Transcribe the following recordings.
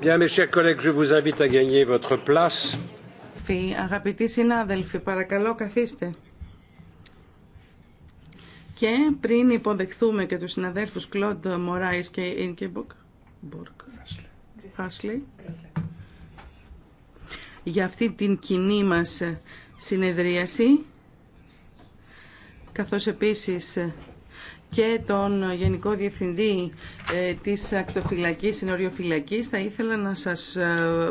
Bien, mes chers collègues, je vous invite à Αγαπητοί συνάδελφοι, παρακαλώ καθίστε. Και πριν υποδεχθούμε και τους συναδέλφους Κλοντ Μωράης και Ινκεμποκ, για αυτή την κοινή μας συνεδρίαση, καθώς επίσης και τον Γενικό Διευθυντή ε, της Ακτοφυλακής Συνοριοφυλακής θα ήθελα να σας ε,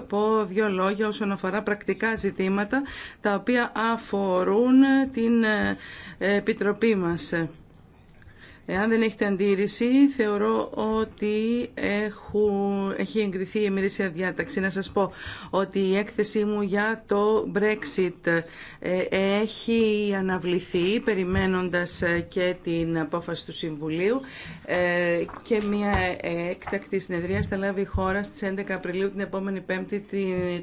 πω δύο λόγια όσον αφορά πρακτικά ζητήματα τα οποία αφορούν την ε, Επιτροπή μας. Εάν δεν έχετε αντίρρηση, θεωρώ ότι έχω, έχει εγκριθεί η ημερήσια διάταξη. Να σας πω ότι η έκθεσή μου για το Brexit ε, έχει αναβληθεί, περιμένοντας ε, και την απόφαση του Συμβουλίου ε, και μια έκτακτη συνεδρία θα λάβει η χώρα στις 11 Απριλίου την επόμενη Πέμπτη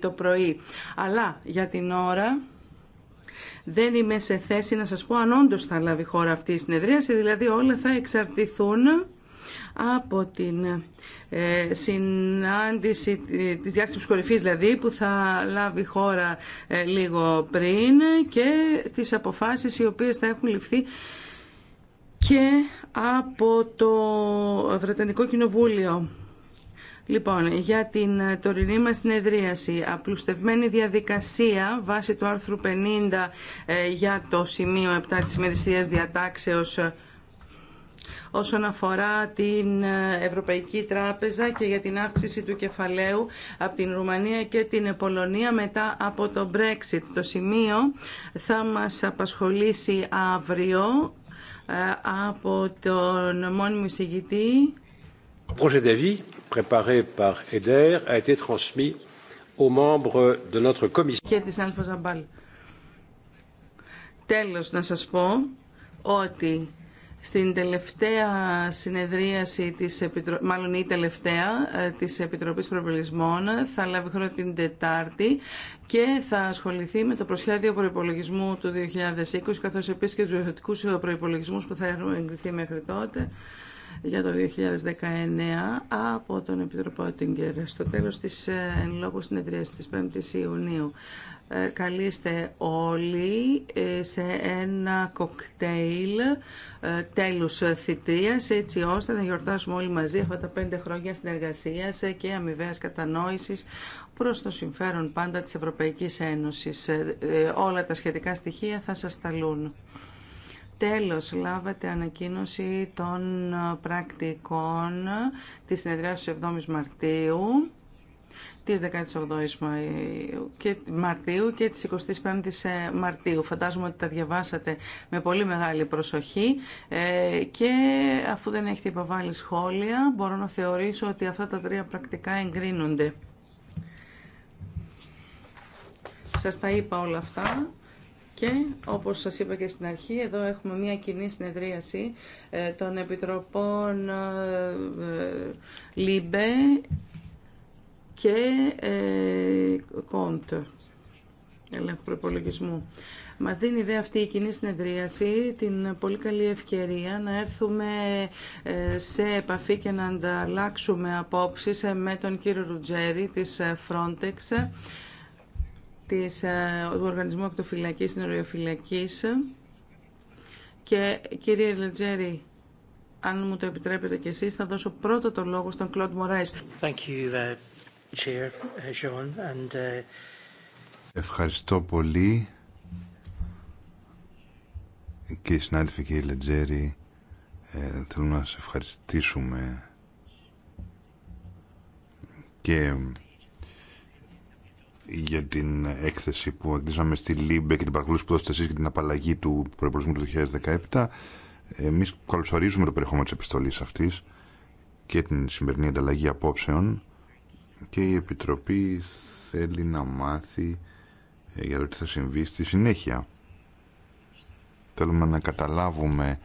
το πρωί. Αλλά για την ώρα... Δεν είμαι σε θέση να σας πω αν όντω θα λάβει χώρα αυτή η συνεδρίαση, δηλαδή όλα θα εξαρτηθούν από την ε, συνάντηση της διάσκεψης κορυφής δηλαδή που θα λάβει χώρα ε, λίγο πριν και τις αποφάσεις οι οποίες θα έχουν ληφθεί και από το Βρετανικό Κοινοβούλιο. Λοιπόν, για την ε, τωρινή μας συνεδρίαση, απλουστευμένη διαδικασία βάσει του άρθρου 50 ε, για το σημείο 7 της ημερησίας διατάξεως ε, όσον αφορά την Ευρωπαϊκή Τράπεζα και για την αύξηση του κεφαλαίου από την Ρουμανία και την Πολωνία μετά από το Brexit. Το σημείο θα μας απασχολήσει αύριο από τον μόνιμο εισηγητή. Projet préparé par EDER a Τέλος να σας πω ότι στην τελευταία συνεδρίαση της Επιτρο... μάλλον η τελευταία ε, της Επιτροπής Προπολογισμών θα λάβει χρόνο την Τετάρτη και θα ασχοληθεί με το προσχέδιο προϋπολογισμού του 2020 καθώς επίσης και τους προϋπολογισμούς που θα έχουν εγκριθεί μέχρι τότε για το 2019 από τον Επιτροπό Ότιγκερ στο τέλος της ε, εν λόγω συνεδρίας της 5ης Ιουνίου. Ε, Καλείστε όλοι ε, σε ένα κοκτέιλ τέλους θητείας έτσι ώστε να γιορτάσουμε όλοι μαζί αυτά τα πέντε χρόνια συνεργασίας και αμοιβαία κατανόησης προς το συμφέρον πάντα της Ευρωπαϊκής Ένωσης. Όλα τα σχετικά στοιχεία θα σας ταλούν. Τέλος, λάβατε ανακοίνωση των ε, πρακτικών της συνεδριάσης της 7ης Μαρτίου της 18ης Μαρτίου και της 25ης ε, Μαρτίου. Φαντάζομαι ότι τα διαβάσατε με πολύ μεγάλη προσοχή ε, και αφού δεν έχετε υποβάλει σχόλια μπορώ να θεωρήσω ότι αυτά τα τρία πρακτικά εγκρίνονται. Σας τα είπα όλα αυτά. Και όπως σας είπα και στην αρχή, εδώ έχουμε μια κοινή συνεδρίαση ε, των Επιτροπών ε, ε, ΛΥΜΠΕ και ΚΟΝΤ, ελέγχου προπολογισμού. Μας δίνει ιδέα αυτή η κοινή συνεδρίαση την πολύ καλή ευκαιρία να έρθουμε σε επαφή και να ανταλλάξουμε απόψεις με τον κύριο Ρουτζέρη της Frontex της, ε, του Οργανισμού Ακτοφυλακής Νοριοφυλακής και κύριε Λετζέρη, αν μου το επιτρέπετε και εσείς, θα δώσω πρώτο το λόγο στον Κλοντ Μωράης. Uh, uh, uh, Ευχαριστώ πολύ και οι συνάδελφοι και η Λετζέρη ε, να σας ευχαριστήσουμε και για την έκθεση που αγγίζαμε στη ΛΥΜΠΕ και την παρακολούθηση που δώσετε εσείς για την απαλλαγή του προϋπολογισμού του 2017. Εμείς καλωσορίζουμε το περιεχόμενο της επιστολής αυτής και την σημερινή ανταλλαγή απόψεων και η Επιτροπή θέλει να μάθει ε, για το τι θα συμβεί στη συνέχεια. Θέλουμε να καταλάβουμε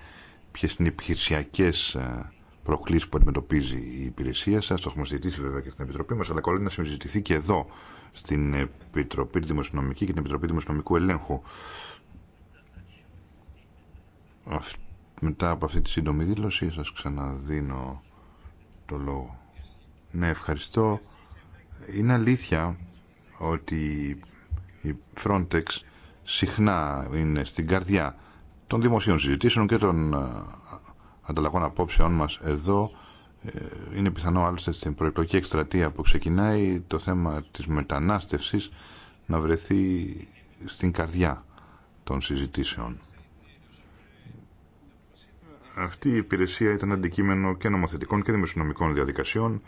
ποιε είναι οι επιχειρησιακές ε, προκλήσει που αντιμετωπίζει η υπηρεσία σα. Το έχουμε συζητήσει βέβαια και στην Επιτροπή μα, αλλά καλό είναι να συζητηθεί και εδώ στην Επιτροπή Δημοσιονομική και την Επιτροπή Δημοσιονομικού Ελέγχου. Μετά από αυτή τη σύντομη δήλωση σας ξαναδίνω το λόγο. Ναι, ευχαριστώ. Είναι αλήθεια ότι η Frontex συχνά είναι στην καρδιά των δημοσίων συζητήσεων και των ε, ανταλλαγών απόψεών μας εδώ ε, είναι πιθανό άλλωστε στην προεκλογική εκστρατεία που ξεκινάει το θέμα της μετανάστευσης να βρεθεί στην καρδιά των συζητήσεων. Αυτή η υπηρεσία ήταν αντικείμενο και νομοθετικών και δημοσιονομικών διαδικασιών.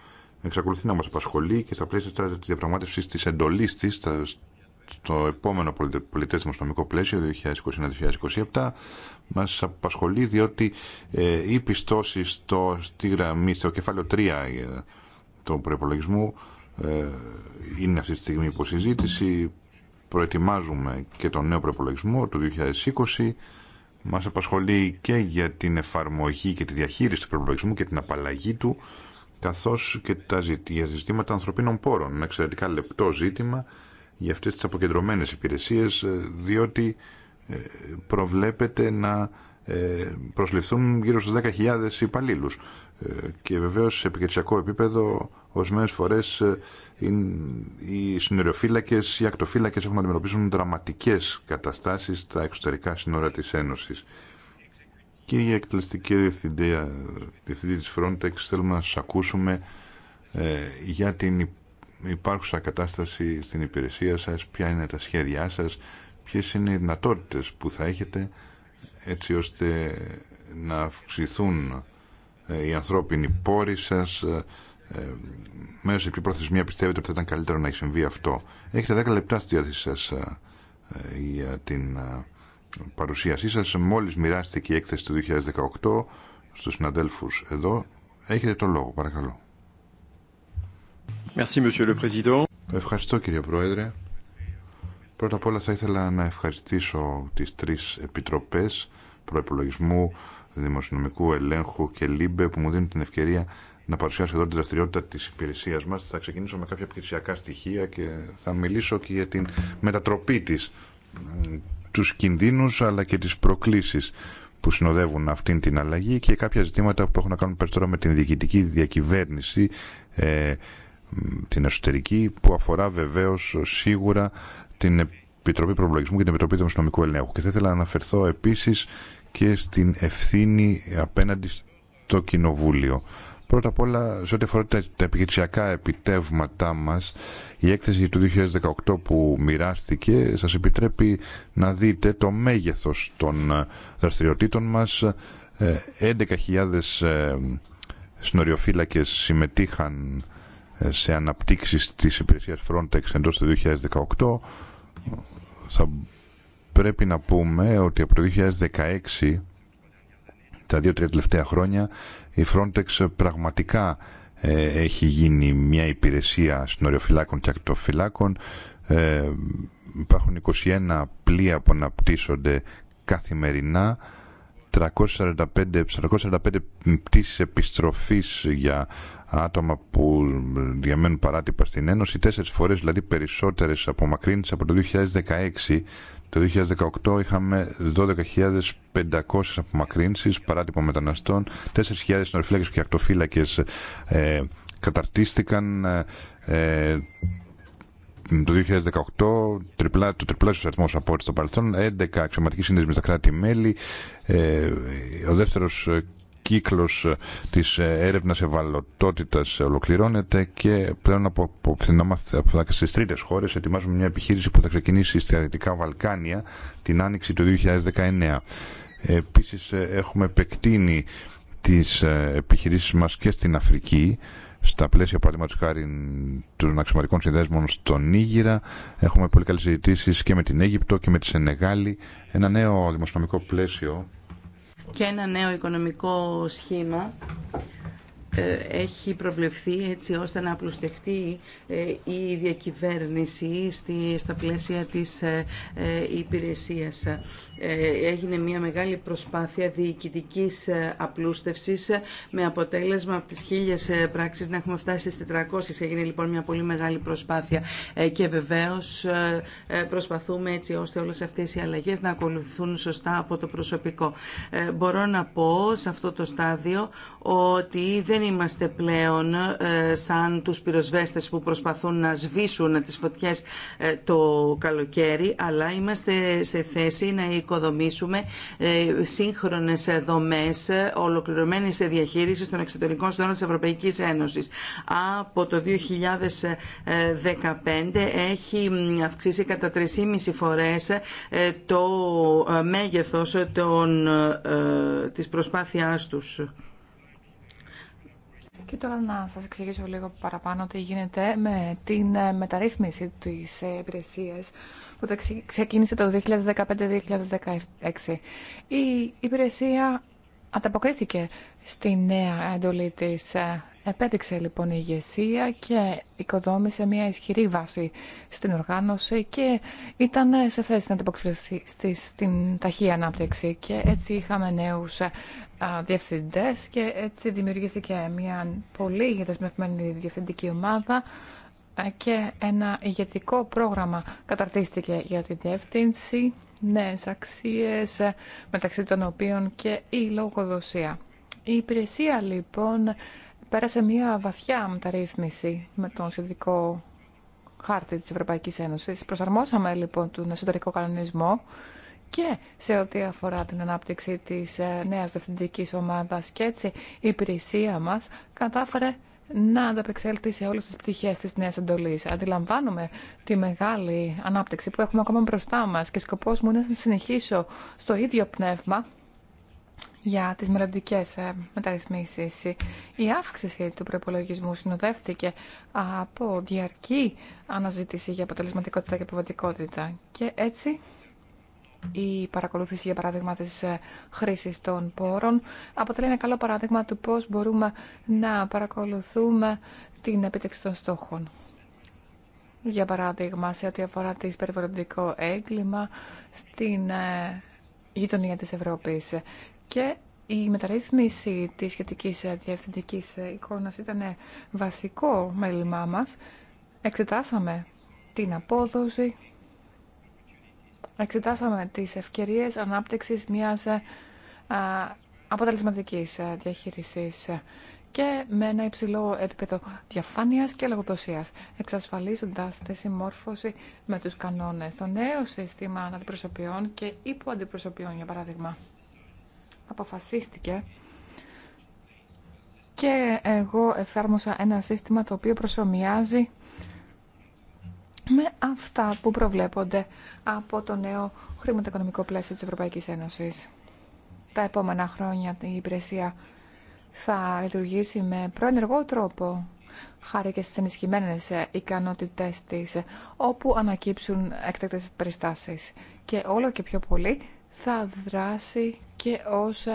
Εξακολουθεί να μας απασχολεί και στα πλαίσια της διαπραγμάτευσης της εντολής τη στο επομενο πολιτευθυνο νομικο δημοσιονομικό πλαίσιο 2021-2027 μας απασχολεί διότι ε, οι πιστώσει στο, στη γραμμή, στο κεφάλαιο 3 ε, του προπολογισμού ε, είναι αυτή τη στιγμή υποσυζήτηση. Προετοιμάζουμε και τον νέο προπολογισμό του 2020. Μας απασχολεί και για την εφαρμογή και τη διαχείριση του προπολογισμού και την απαλλαγή του καθώς και τα ζητήματα ανθρωπίνων πόρων. Ένα εξαιρετικά λεπτό ζήτημα για αυτές τις αποκεντρωμένες υπηρεσίες, ε, διότι ε, προβλέπεται να ε, προσληφθούν γύρω στους 10.000 υπαλλήλου. Ε, και βεβαίως σε επικοινωνιακό επίπεδο ορισμένε φορές οι συνοριοφύλακες, οι ακτοφύλακες έχουν να αντιμετωπίσουν δραματικές καταστάσεις στα εξωτερικά σύνορα της Ένωσης. Κύριε Εκτελεστική Διευθυντή, Διευθυντή της Frontex, θέλουμε να σας ακούσουμε για την υπάρχουσα κατάσταση στην υπηρεσία σας, ποια είναι τα σχέδιά σας, ποιες είναι οι δυνατότητες που θα έχετε έτσι ώστε να αυξηθούν ε, οι ανθρώπινοι πόροι σας ε, ε, μέσα σε ποιο προθεσμία πιστεύετε ότι θα ήταν καλύτερο να έχει συμβεί αυτό. Έχετε 10 λεπτά στη διάθεση σας για την παρουσίασή σας. Μόλις μοιράστηκε η έκθεση του 2018 στους συναδέλφους εδώ. Έχετε το λόγο, παρακαλώ. Merci, le Ευχαριστώ κύριε Πρόεδρε. Πρώτα απ' όλα θα ήθελα να ευχαριστήσω τις τρεις επιτροπές προεπολογισμού δημοσιονομικού ελέγχου και ΛΥΜΠΕ που μου δίνουν την ευκαιρία να παρουσιάσω εδώ τη δραστηριότητα της υπηρεσίας μας. Θα ξεκινήσω με κάποια επιχειρησιακά στοιχεία και θα μιλήσω και για την μετατροπή της, τους κινδύνους αλλά και τις προκλήσεις που συνοδεύουν αυτήν την αλλαγή και κάποια ζητήματα που έχουν να κάνουν περισσότερο με την διοικητική διακυβέρνηση, ε, την εσωτερική που αφορά βεβαίω σίγουρα την Επιτροπή Προπολογισμού και την Επιτροπή του Ελέγχου. Και θα ήθελα να αναφερθώ επίση και στην ευθύνη απέναντι στο Κοινοβούλιο. Πρώτα απ' όλα, σε ό,τι αφορά τα, επιχειρησιακά επιτεύγματά μα, η έκθεση του 2018 που μοιράστηκε σα επιτρέπει να δείτε το μέγεθο των ε, δραστηριοτήτων μα. 11.000 ε, ε, συνοριοφύλακες συμμετείχαν σε αναπτύξεις της υπηρεσίας Frontex εντός του 2018 θα πρέπει να πούμε ότι από το 2016 τα δύο-τρία τελευταία χρόνια η Frontex πραγματικά ε, έχει γίνει μια υπηρεσία συνοριοφυλάκων και ακτοφυλάκων ε, υπάρχουν 21 πλοία που αναπτύσσονται καθημερινά 345, 445 πτήσεις επιστροφής για άτομα που διαμένουν παράτυπα στην Ένωση, τέσσερις φορές δηλαδή περισσότερες απομακρύνσεις από το 2016. Το 2018 είχαμε 12.500 απομακρύνσεις παράτυπων μεταναστών, 4.000 νορφύλακες και ακτοφύλακες ε, καταρτίστηκαν ε, ε, το 2018 τριπλά, το τριπλάσιο αριθμό από ό,τι στο παρελθόν, 11 αξιωματικοί σύνδεσμοι στα κράτη-μέλη. ο δεύτερο κύκλος ε, της ε, έρευνας ευαλωτότητας ολοκληρώνεται και πλέον από από στις τρίτες χώρες ετοιμάζουμε μια επιχείρηση που θα ξεκινήσει στα Δυτικά Βαλκάνια την άνοιξη του 2019. Επίσης ε, έχουμε επεκτείνει τις επιχειρήσεις μας και στην Αφρική στα πλαίσια παραδείγματο χάρη των αξιωματικών συνδέσμων στον Νίγηρα. Έχουμε πολύ καλέ συζητήσει και με την Αίγυπτο και με τη Σενεγάλη. Ένα νέο δημοσιονομικό πλαίσιο και ένα νέο οικονομικό σχήμα ε, έχει προβλεφθεί έτσι ώστε να απλουστευτεί ε, η διακυβέρνηση στα πλαίσια της ε, υπηρεσίας. Ε, έγινε μια μεγάλη προσπάθεια διοικητικής ε, απλούστευσης ε, με αποτέλεσμα από τις χίλιες πράξεις να έχουμε φτάσει στις 400. Έγινε λοιπόν μια πολύ μεγάλη προσπάθεια και βεβαίως προσπαθούμε έτσι ώστε όλες αυτές οι αλλαγές να ακολουθούν σωστά από το προσωπικό. Μπορώ να πω σε αυτό το στάδιο ότι δεν είμαστε πλέον σαν τους πυροσβέστες που προσπαθούν να σβήσουν τις φωτιές το καλοκαίρι, αλλά είμαστε σε θέση να οικοδομήσουμε ε, σύγχρονες δομές ολοκληρωμένης διαχείρισης των εξωτερικών συνόρων της Ευρωπαϊκής Ένωσης. Από το 2015 έχει αυξήσει κατά 3,5 φορές ε, το ε, μέγεθος των, της προσπάθειάς τους. Και τώρα να σας εξηγήσω λίγο παραπάνω τι γίνεται με την μεταρρύθμιση τη υπηρεσία που ξεκίνησε το 2015-2016. Η υπηρεσία ανταποκρίθηκε στη νέα εντολή της. Ε, επέδειξε λοιπόν η ηγεσία και οικοδόμησε μια ισχυρή βάση στην οργάνωση και ήταν σε θέση να ανταποκριθεί στην ταχεία ανάπτυξη. Και έτσι είχαμε νέους ε, διευθυντές και έτσι δημιουργήθηκε μια πολύ δεσμευμένη διευθυντική ομάδα και ένα ηγετικό πρόγραμμα καταρτίστηκε για την διεύθυνση, νέες αξίες, μεταξύ των οποίων και η λογοδοσία. Η υπηρεσία λοιπόν πέρασε μια βαθιά μεταρρύθμιση με τον σχετικό χάρτη της Ευρωπαϊκής Ένωσης. Προσαρμόσαμε λοιπόν τον εσωτερικό κανονισμό και σε ό,τι αφορά την ανάπτυξη της ε, νέας διευθυντικής ομάδας και έτσι η υπηρεσία μας κατάφερε να ανταπεξέλθει σε όλες τις πτυχές της νέας εντολής. Αντιλαμβάνομαι τη μεγάλη ανάπτυξη που έχουμε ακόμα μπροστά μας και σκοπός μου είναι να συνεχίσω στο ίδιο πνεύμα για τις μελλοντικέ ε, μεταρρυθμίσεις. Η αύξηση του προπολογισμού συνοδεύτηκε από διαρκή αναζήτηση για αποτελεσματικότητα και αποβατικότητα και έτσι η παρακολούθηση, για παράδειγμα, της ε, χρήσης των πόρων αποτελεί ένα καλό παράδειγμα του πώς μπορούμε να παρακολουθούμε την επίτευξη των στόχων. Για παράδειγμα, σε ό,τι αφορά το περιβαλλοντικό έγκλημα στην ε, γειτονία της Ευρώπης. Και η μεταρρύθμιση της σχετικής ε, διευθυντικής εικόνας ήταν βασικό μέλημά μας. Εξετάσαμε την απόδοση εξετάσαμε τις ευκαιρίες ανάπτυξης μιας ε, αποτελεσματικής ε, διαχείρισης ε, και με ένα υψηλό επίπεδο διαφάνειας και λογοδοσίας, εξασφαλίζοντας τη συμμόρφωση με τους κανόνες. Το νέο σύστημα αντιπροσωπιών και υποαντιπροσωπιών, για παράδειγμα, αποφασίστηκε και εγώ εφάρμοσα ένα σύστημα το οποίο προσωμιάζει με αυτά που προβλέπονται από το νέο χρηματοοικονομικό πλαίσιο της Ευρωπαϊκής Ένωσης. Τα επόμενα χρόνια η υπηρεσία θα λειτουργήσει με προενεργό τρόπο χάρη και στις ενισχυμένες ικανότητές της, όπου ανακύψουν εκτέκτες περιστάσεις. Και όλο και πιο πολύ θα δράσει και ως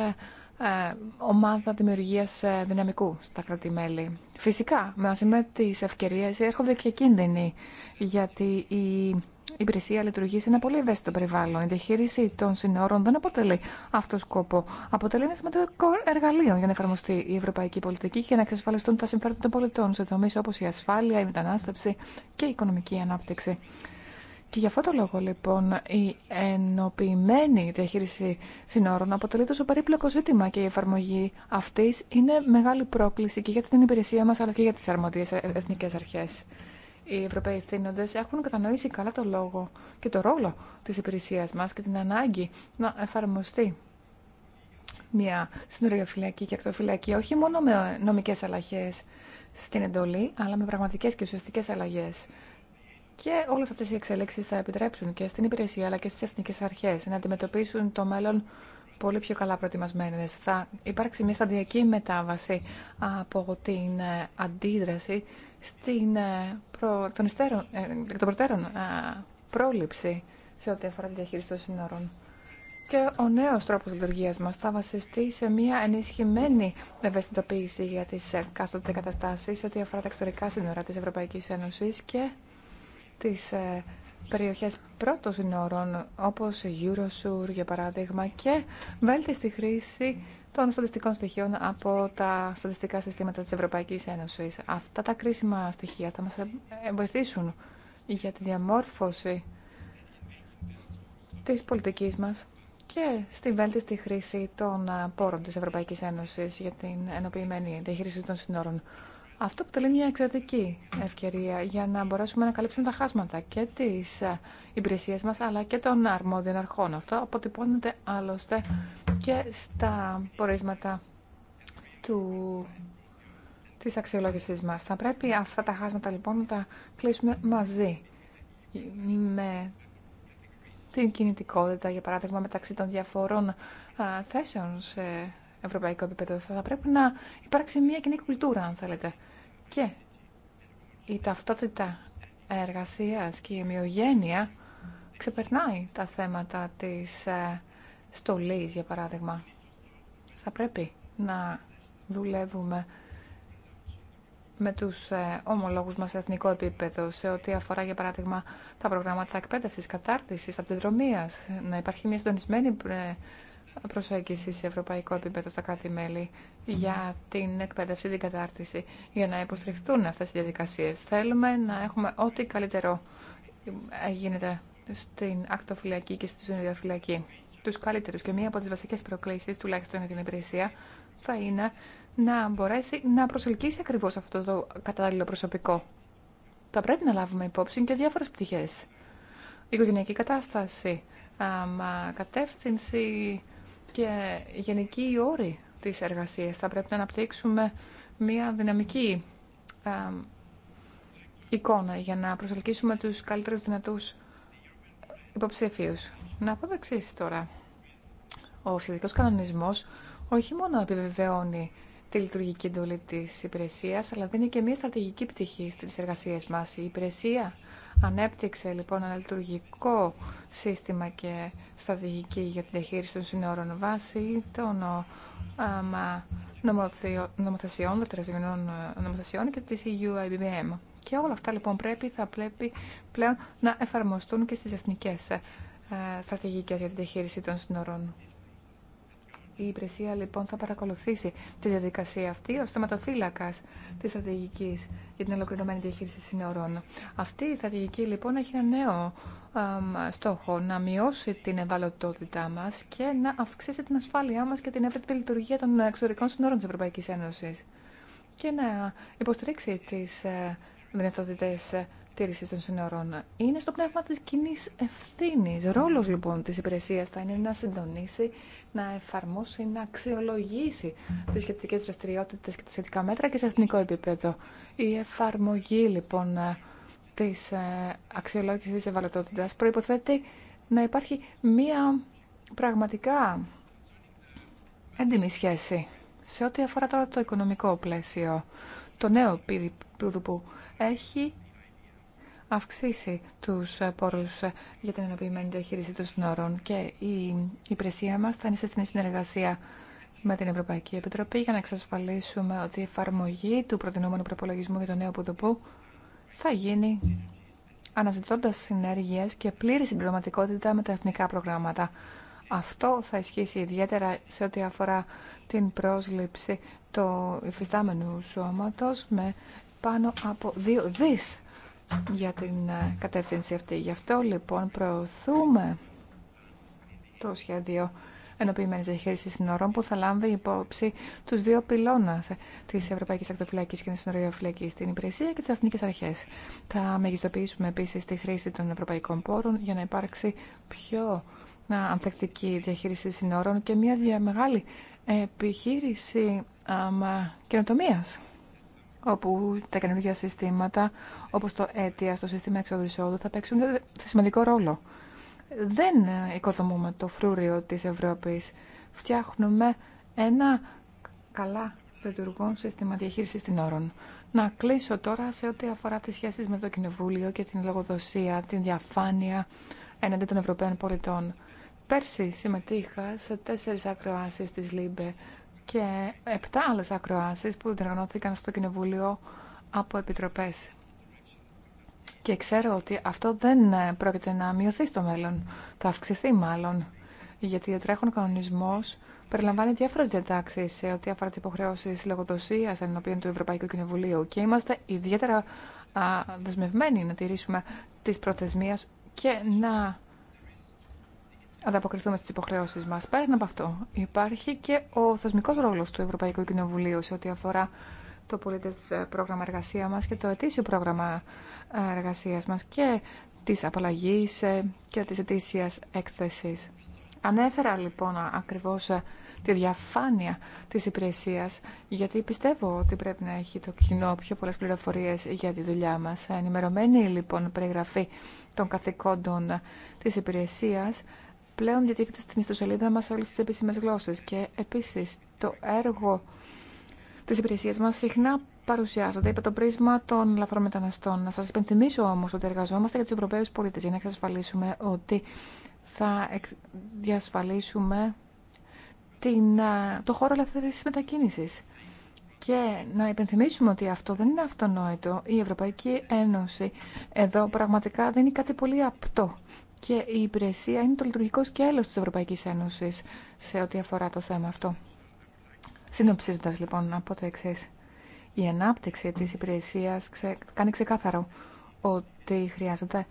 ε, ομάδα δημιουργίας ε, δυναμικού στα κράτη-μέλη. Φυσικά, μαζί με τι ευκαιρίε έρχονται και κίνδυνοι, γιατί η υπηρεσία λειτουργεί σε ένα πολύ ευαίσθητο περιβάλλον. Η διαχείριση των συνόρων δεν αποτελεί αυτό σκόπο. Αποτελεί ένα σημαντικό εργαλείο για να εφαρμοστεί η ευρωπαϊκή πολιτική και να εξασφαλιστούν τα συμφέροντα των πολιτών σε τομεί όπω η ασφάλεια, η μετανάστευση και η οικονομική ανάπτυξη. Και για αυτό το λόγο λοιπόν η ενοποιημένη διαχείριση συνόρων αποτελεί τόσο περίπλοκο ζήτημα και η εφαρμογή αυτή είναι μεγάλη πρόκληση και για την υπηρεσία μα, αλλά και για τι αρμόδιες εθνικές αρχές. Οι Ευρωπαίοι θύνοντες έχουν κατανοήσει καλά το λόγο και το ρόλο τη υπηρεσία μα και την ανάγκη να εφαρμοστεί μια συνεργοφυλακή και ακτοφυλακή όχι μόνο με νομικέ αλλαγέ στην εντολή αλλά με πραγματικέ και ουσιαστικέ αλλαγέ. Και όλε αυτέ οι εξελίξει θα επιτρέψουν και στην υπηρεσία αλλά και στι εθνικέ αρχέ να αντιμετωπίσουν το μέλλον πολύ πιο καλά προετοιμασμένε. Θα υπάρξει μια σταδιακή μετάβαση από την ε, αντίδραση στην ε, προ... των, ε, των προτέρων πρόληψη σε ό,τι αφορά τη διαχείριση των σύνορων. Και ο νέο τρόπο λειτουργία μα θα βασιστεί σε μια ενισχυμένη ευαισθητοποίηση για τι εκάστοτε καταστάσει σε ό,τι αφορά τα εξωτερικά σύνορα τη Ευρωπαϊκή Ένωση και τις ε, περιοχές πρώτων συνόρων, όπως Eurosur για παράδειγμα, και βέλτιστη χρήση των στατιστικών στοιχείων από τα στατιστικά συστήματα της Ευρωπαϊκής Ένωσης. Αυτά τα κρίσιμα στοιχεία θα μας βοηθήσουν για τη διαμόρφωση της πολιτικής μας και στη βέλτιστη χρήση των ε, πόρων της Ευρωπαϊκής Ένωσης για την ενοποιημένη διαχείριση των συνόρων. Αυτό αποτελεί μια εξαιρετική ευκαιρία για να μπορέσουμε να καλύψουμε τα χάσματα και τη ε, υπηρεσία μα αλλά και των αρμόδιων αρχών. Αυτό αποτυπώνεται άλλωστε και στα πορίσματα του της αξιολόγησής μας. Θα πρέπει αυτά τα χάσματα λοιπόν να τα κλείσουμε μαζί με την κινητικότητα, για παράδειγμα, μεταξύ των διαφορών α, θέσεων σε ευρωπαϊκό επίπεδο. θα πρέπει να υπάρξει μια κοινή κουλτούρα, αν θέλετε, και η ταυτότητα εργασίας και η ομοιογένεια ξεπερνάει τα θέματα της ε, στολής, για παράδειγμα. Θα πρέπει να δουλεύουμε με τους ε, ομολόγους μας σε εθνικό επίπεδο σε ό,τι αφορά, για παράδειγμα, τα προγράμματα εκπαίδευσης, κατάρτισης, αντιδρομίας, να υπάρχει μια συντονισμένη ε, προσέγγιση σε ευρωπαϊκό επίπεδο στα κράτη-μέλη για την εκπαίδευση, την κατάρτιση, για να υποστηριχθούν αυτέ οι διαδικασίε. Θέλουμε να έχουμε ό,τι καλύτερο γίνεται στην ακτοφυλακή και στη συνειδητοφυλακή. του καλύτερου. και μία από τι βασικέ προκλήσει τουλάχιστον για την υπηρεσία, θα είναι να μπορέσει να προσελκύσει ακριβώ αυτό το κατάλληλο προσωπικό. Θα πρέπει να λάβουμε υπόψη και διάφορε πτυχέ. οικογενειακή κατάσταση, κατεύθυνση, και γενικοί όροι της εργασίας. Θα πρέπει να αναπτύξουμε μια δυναμική ε, εικόνα για να προσελκύσουμε τους καλύτερους δυνατούς υποψηφίους. Να πω δεξής τώρα. Ο σχετικός κανονισμός όχι μόνο επιβεβαιώνει τη λειτουργική εντολή της υπηρεσίας, αλλά δίνει και μια στρατηγική πτυχή στις εργασίες μας. Η υπηρεσία Ανέπτυξε λοιπόν ένα λειτουργικό σύστημα και στρατηγική για την διαχείριση των συνόρων βάσει των ε, νομοθεσιών, ε, νομοθεσιών και της EU IBM. Και όλα αυτά λοιπόν πρέπει, θα πρέπει πλέον να εφαρμοστούν και στις εθνικές ε, στρατηγικές για τη διαχείριση των συνόρων. Η υπηρεσία λοιπόν θα παρακολουθήσει τη διαδικασία αυτή ω θεματοφύλακα τη στρατηγική για την ολοκληρωμένη διαχείριση σύνορων. Αυτή η στρατηγική λοιπόν έχει ένα νέο στόχο να μειώσει την ευαλωτότητά μα και να αυξήσει την ασφάλειά μα και την εύρετη λειτουργία των εξωτερικών σύνορων τη Ευρωπαϊκή Ένωση και να υποστηρίξει τι ε, δυνατότητε διατήρηση των σύνορων. Είναι στο πνεύμα τη κοινή ευθύνη. ρόλο λοιπόν τη υπηρεσία θα είναι να συντονίσει, να εφαρμόσει, να αξιολογήσει τι σχετικέ δραστηριότητε και τα σχετικά μέτρα και σε εθνικό επίπεδο. Η εφαρμογή λοιπόν ε, αξιολόγηση τη ευαλωτότητα προποθέτει να υπάρχει μία πραγματικά έντιμη σχέση σε ό,τι αφορά τώρα το οικονομικό πλαίσιο, το νέο πίδι που έχει αυξήσει τους ε, πόρους ε, για την ενοποιημένη διαχείριση των συνόρων και η υπηρεσία μας θα είναι σε συνεργασία με την Ευρωπαϊκή Επιτροπή για να εξασφαλίσουμε ότι η εφαρμογή του προτινόμενου προπολογισμού για το νέο ποδοπού θα γίνει αναζητώντας συνέργειες και πλήρη συμπληρωματικότητα με τα εθνικά προγράμματα. Αυτό θα ισχύσει ιδιαίτερα σε ό,τι αφορά την πρόσληψη του υφιστάμενου σώματος με πάνω από 2 δις για την ε, κατεύθυνση αυτή. Γι' αυτό λοιπόν προωθούμε το σχέδιο ενοποιημένη διαχείριση συνορών που θα λάμβει υπόψη του δύο πυλώνα τη Ευρωπαϊκή Ακτοφυλακή και τη Συνοριοφυλακή, στην υπηρεσία και τι εθνικέ αρχέ. Θα μεγιστοποιήσουμε επίση τη χρήση των ευρωπαϊκών πόρων για να υπάρξει πιο ανθεκτική διαχείριση συνόρων και μια μεγάλη επιχείρηση καινοτομία όπου τα καινούργια συστήματα, όπως το αίτια στο σύστημα εξόδου-εισόδου, θα παίξουν σημαντικό ρόλο. Δεν οικοδομούμε το φρούριο της Ευρώπης. Φτιάχνουμε ένα καλά λειτουργόν σύστημα διαχείριση των όρων. Να κλείσω τώρα σε ό,τι αφορά τις σχέσεις με το Κοινοβούλιο και την λογοδοσία, την διαφάνεια έναντι των Ευρωπαίων πολιτών. Πέρσι συμμετείχα σε τέσσερις ακροάσεις της ΛΥΜΠΕ και επτά άλλες ακροάσεις που διοργανώθηκαν στο Κοινοβούλιο από επιτροπές. Και ξέρω ότι αυτό δεν ε, πρόκειται να μειωθεί στο μέλλον, θα αυξηθεί μάλλον, γιατί ο τρέχον κανονισμό περιλαμβάνει διάφορε διατάξει σε ό,τι αφορά τι υποχρεώσει λογοδοσία ενώπιον του Ευρωπαϊκού Κοινοβουλίου και είμαστε ιδιαίτερα δεσμευμένοι να τηρήσουμε τι προθεσμίε και να ανταποκριθούμε στι υποχρεώσει μα. Πέραν από αυτό, υπάρχει και ο θεσμικό ρόλο του Ευρωπαϊκού Κοινοβουλίου σε ό,τι αφορά το πολίτε ε, πρόγραμμα εργασία μα και το ετήσιο πρόγραμμα ε, εργασία μα και τη απαλλαγή ε, και τη ετήσια έκθεση. Ανέφερα λοιπόν ακριβώ τη διαφάνεια τη υπηρεσία, γιατί πιστεύω ότι πρέπει να έχει το κοινό πιο πολλέ πληροφορίε για τη δουλειά μα. Ενημερωμένη λοιπόν περιγραφή των καθηκόντων της υπηρεσίας πλέον διατίθεται στην ιστοσελίδα μας όλες τις επίσημες γλώσσες και επίσης το έργο της υπηρεσίας μας συχνά παρουσιάζεται υπό το πρίσμα των λαφρομεταναστών. Να σας υπενθυμίσω όμως ότι εργαζόμαστε για τους Ευρωπαίους πολίτες για να εξασφαλίσουμε ότι θα διασφαλίσουμε την, το χώρο ελευθερής μετακίνησης. Και να υπενθυμίσουμε ότι αυτό δεν είναι αυτονόητο. Η Ευρωπαϊκή Ένωση εδώ πραγματικά δεν είναι κάτι πολύ απτό και η υπηρεσία είναι το λειτουργικό σκέλος της Ευρωπαϊκής Ένωσης σε ό,τι αφορά το θέμα αυτό. Συνοψίζοντας λοιπόν από το εξή. Η ανάπτυξη της υπηρεσίας κάνει ξεκάθαρο ότι χρειάζεται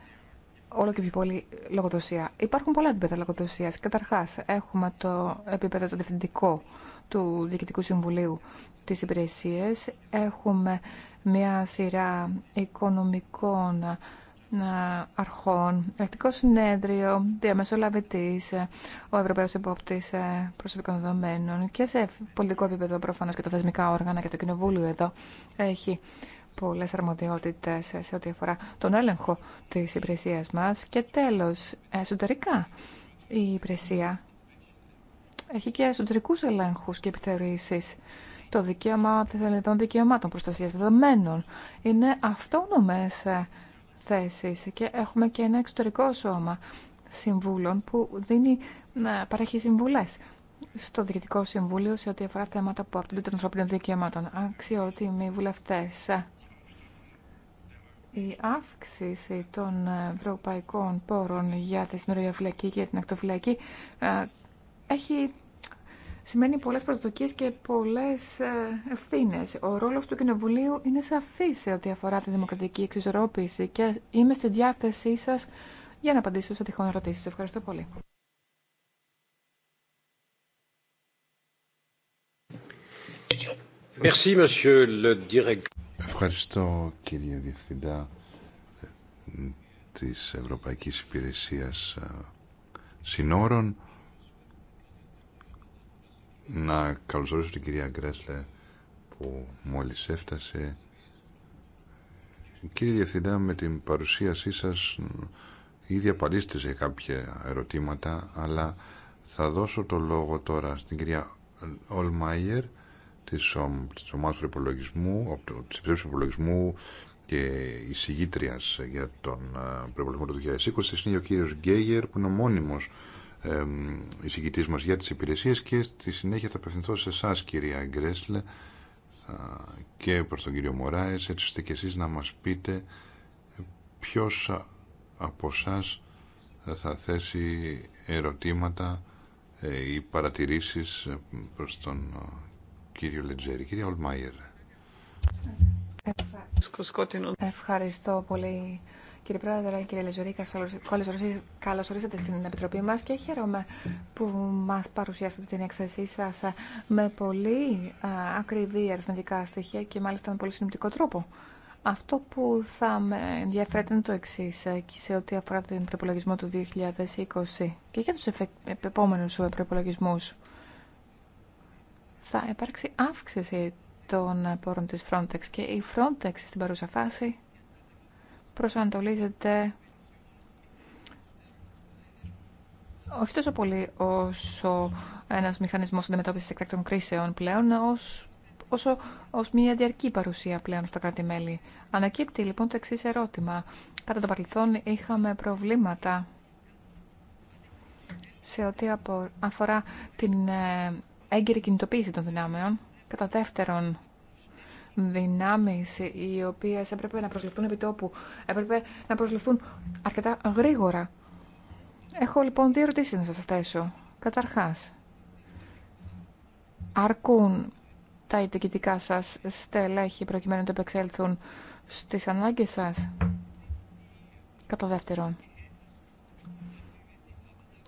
όλο και πιο πολύ λογοδοσία. Υπάρχουν πολλά επίπεδα λογοδοσίας. Καταρχάς, έχουμε το επίπεδο το διευθυντικό του Διοικητικού Συμβουλίου της υπηρεσίας. Έχουμε μια σειρά οικονομικών αρχών, ελεκτικό συνέδριο, διαμεσολαβητής, ο Ευρωπαίος Επόπτη ε, Προσωπικών Δεδομένων και σε πολιτικό επίπεδο προφανώς και τα θεσμικά όργανα και το Κοινοβούλιο εδώ έχει πολλές αρμοδιότητες ε, σε ό,τι αφορά τον έλεγχο της υπηρεσία μας και τέλος εσωτερικά η υπηρεσία έχει και εσωτερικούς ελέγχους και επιθεωρήσεις το δικαίωμα των δικαιωμάτων προστασίας δεδομένων είναι αυτόνομες ε, θέσεις και έχουμε και ένα εξωτερικό σώμα συμβούλων που δίνει, ε, παρέχει συμβουλές στο Διοικητικό Συμβούλιο σε ό,τι αφορά θέματα που των ανθρωπίνων δικαιωμάτων. Αξιότιμοι βουλευτές, η αύξηση των ευρωπαϊκών πόρων για τη συνοριοφυλακή και την ακτοφυλακή ε, έχει σημαίνει πολλές προσδοκίες και πολλές ε, ευθύνες. Ο ρόλος του Κοινοβουλίου είναι σαφής σε ό,τι αφορά τη δημοκρατική εξισορρόπηση και είμαι στη διάθεσή σας για να απαντήσω σε τυχόν ερωτήσεις. Ευχαριστώ πολύ. Ευχαριστώ κύριε Διευθυντά ε, της Ευρωπαϊκής Υπηρεσίας ε, Συνόρων να καλωσορίσω την κυρία Γκρέσλε που μόλις έφτασε. Κύριε Διευθυντά, με την παρουσίασή σας ήδη απαντήσετε κάποια ερωτήματα, αλλά θα δώσω το λόγο τώρα στην κυρία Ολμάιερ της, της ομάδας προπολογισμού, της επιτρέψης Προϋπολογισμού και εισηγήτριας για τον ε, προϋπολογισμό του 2020. Είναι ο κύριος Γκέγερ που είναι ο μόνιμος εισηγητής μας για τις υπηρεσίες και στη συνέχεια θα απευθυνθώ σε εσά κυρία Γκρέσλε και προς τον κύριο Μωράες έτσι ώστε και εσείς να μας πείτε ποιος από εσά θα θέσει ερωτήματα ε, ή παρατηρήσεις ε, προς τον ε, κύριο Λετζέρη. Κυρία Ολμάιερ. Ευχαριστώ πολύ Κύριε Πρόεδρε, κύριε Λεζουρή, καλώ ορίσατε στην Επιτροπή μα και χαίρομαι που μα παρουσιάσατε την έκθεσή σα με πολύ ακριβή αριθμητικά στοιχεία και μάλιστα με πολύ συνοπτικό τρόπο. Αυτό που θα με ενδιαφέρει είναι το εξή ε, σε ό,τι αφορά τον προπολογισμό του 2020 και για του επόμενου προπολογισμού. Θα υπάρξει αύξηση των πόρων της Frontex και η Frontex στην παρούσα φάση προσανατολίζεται όχι τόσο πολύ όσο ένας μηχανισμός αντιμετώπισης εκτακτών κρίσεων πλέον, ως, όσο ως μια διαρκή παρουσία πλέον στα κράτη-μέλη. Ανακύπτει λοιπόν το εξή ερώτημα. Κατά το παρελθόν είχαμε προβλήματα σε ό,τι αφορά την ε, έγκυρη κινητοποίηση των δυνάμεων. Κατά δεύτερον, Δυνάμει οι οποίε έπρεπε να προσληφθούν επί τόπου, έπρεπε να προσληφθούν αρκετά γρήγορα. Έχω λοιπόν δύο ερωτήσει να σα θέσω. Καταρχάς, αρκούν τα ειδικητικά σας στελέχη προκειμένου να το επεξέλθουν στις ανάγκες σας. Κατά δεύτερον,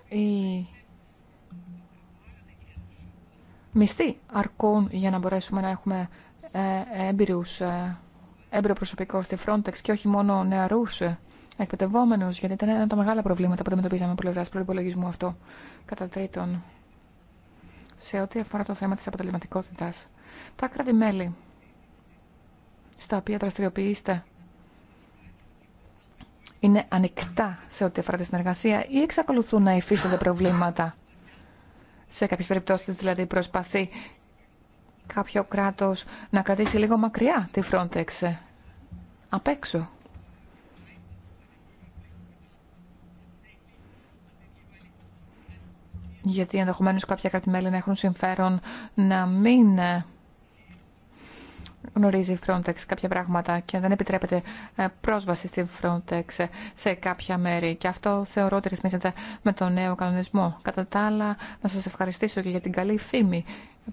οι μισθοί αρκούν για να μπορέσουμε να έχουμε ε, έμπειρους, έμπειρο ε, προσωπικό στη Frontex και όχι μόνο νεαρούς ε, εκπαιδευόμενους, γιατί ήταν ένα από τα μεγάλα προβλήματα που αντιμετωπίζαμε από πλευρά προπολογισμού αυτό. Κατά τρίτον, σε ό,τι αφορά το θέμα της αποτελεσματικότητας, τα κράτη-μέλη στα οποία δραστηριοποιείστε είναι ανοιχτά σε ό,τι αφορά τη συνεργασία ή εξακολουθούν να υφίστανται προβλήματα. Σε κάποιε περιπτώσει, δηλαδή προσπαθεί κάποιο κράτος να κρατήσει λίγο μακριά τη Frontex, ε, απ' έξω. Γιατί ενδεχομένω κάποια κρατημέλη να έχουν συμφέρον να μην ε, γνωρίζει η Frontex κάποια πράγματα και δεν επιτρέπεται ε, πρόσβαση στη Frontex σε κάποια μέρη. Και αυτό θεωρώ ότι ρυθμίζεται με τον νέο κανονισμό. Κατά τα άλλα, να σας ευχαριστήσω και για την καλή φήμη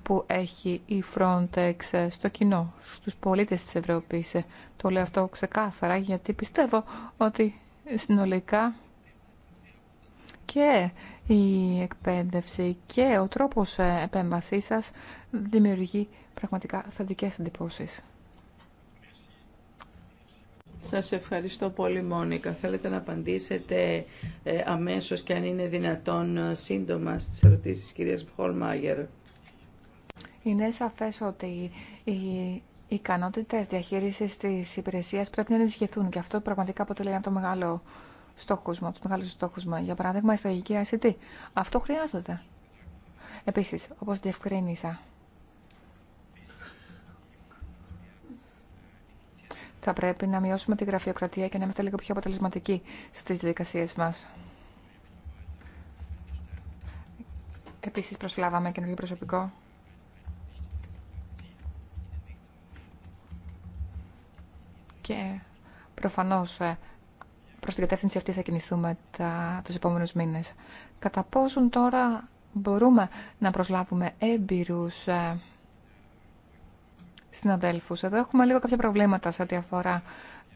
που έχει η Frontex στο κοινό, στους πολίτες της Ευρώπης. Το λέω αυτό ξεκάθαρα γιατί πιστεύω ότι συνολικά και η εκπαίδευση και ο τρόπος επέμβασής σας δημιουργεί πραγματικά θετικές εντυπώσεις. Σας ευχαριστώ πολύ Μόνικα. Θέλετε να απαντήσετε ε, αμέσως και αν είναι δυνατόν ε, σύντομα στις ερωτήσεις της κυρίας είναι σαφές ότι οι ικανότητες διαχείρισης της υπηρεσίας πρέπει να ενισχυθούν και αυτό πραγματικά αποτελεί ένα το μεγάλο στόχος μου, από τους μεγάλους στόχους Για παράδειγμα, η στρατηγική ICT. Αυτό χρειάζεται. Επίσης, όπως διευκρίνησα, θα πρέπει να μειώσουμε τη γραφειοκρατία και να είμαστε λίγο πιο αποτελεσματικοί στις διαδικασίες μας. Επίσης, προσλάβαμε καινούργιο προσωπικό Και προφανώς ε, προς την κατεύθυνση αυτή θα κινηθούμε τα, τους επόμενους μήνες. Κατά πόσον τώρα μπορούμε να προσλάβουμε έμπειρους συναδέλφου. Ε, συναδέλφους. Εδώ έχουμε λίγο κάποια προβλήματα σε ό,τι αφορά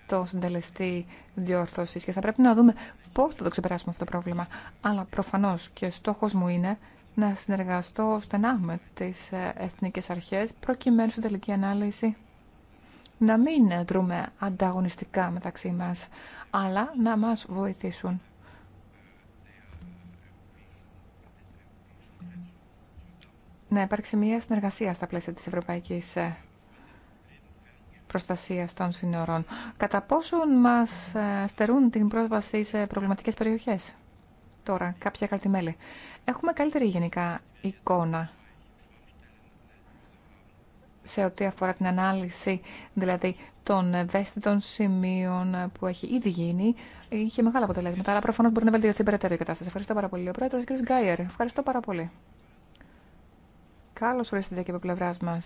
το συντελεστή διόρθωση και θα πρέπει να δούμε πώς θα το ξεπεράσουμε αυτό το πρόβλημα. Αλλά προφανώς και στόχος μου είναι να συνεργαστώ στενά με τις ε, εθνικές αρχές προκειμένου στην τελική ανάλυση να μην δρούμε ανταγωνιστικά μεταξύ μας, αλλά να μας βοηθήσουν. Να υπάρξει μια συνεργασία στα πλαίσια της Ευρωπαϊκής ε, προστασίας των σύνορων. Κατά πόσο μας ε, στερούν την πρόσβαση σε προβληματικές περιοχές τώρα, κάποια κρατημέλη. Έχουμε καλύτερη γενικά εικόνα σε ό,τι αφορά την ανάλυση δηλαδή των ευαίσθητων σημείων που έχει ήδη γίνει, είχε μεγάλα αποτελέσματα, αλλά προφανώ μπορεί να βελτιωθεί περαιτέρω η κατάσταση. Ευχαριστώ πάρα πολύ. Ο πρόεδρο, κ. Γκάιερ, ευχαριστώ πάρα πολύ. Καλώ ορίσατε και από πλευρά μα.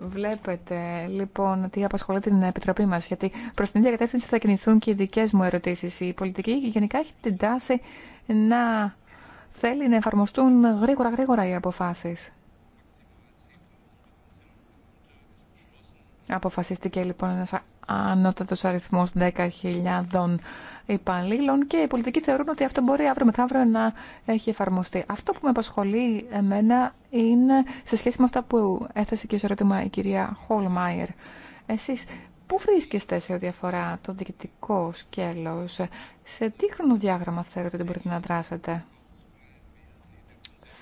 Βλέπετε λοιπόν τι απασχολεί την Επιτροπή μα, γιατί προ την ίδια κατεύθυνση θα κινηθούν και οι δικέ μου ερωτήσει. Η πολιτική γενικά έχει την τάση να θέλει να εφαρμοστούν γρήγορα γρήγορα οι αποφάσεις. Αποφασίστηκε λοιπόν ένας ανώτατος αριθμός 10.000 υπαλλήλων και οι πολιτικοί θεωρούν ότι αυτό μπορεί αύριο μεθαύριο να έχει εφαρμοστεί. Αυτό που με απασχολεί εμένα είναι σε σχέση με αυτά που έθεσε και ως ερώτημα η κυρία Χολμάιερ. Εσείς πού βρίσκεστε σε ό,τι αφορά το διοικητικό σκέλος, σε τι χρονοδιάγραμμα θέλετε ότι μπορείτε να δράσετε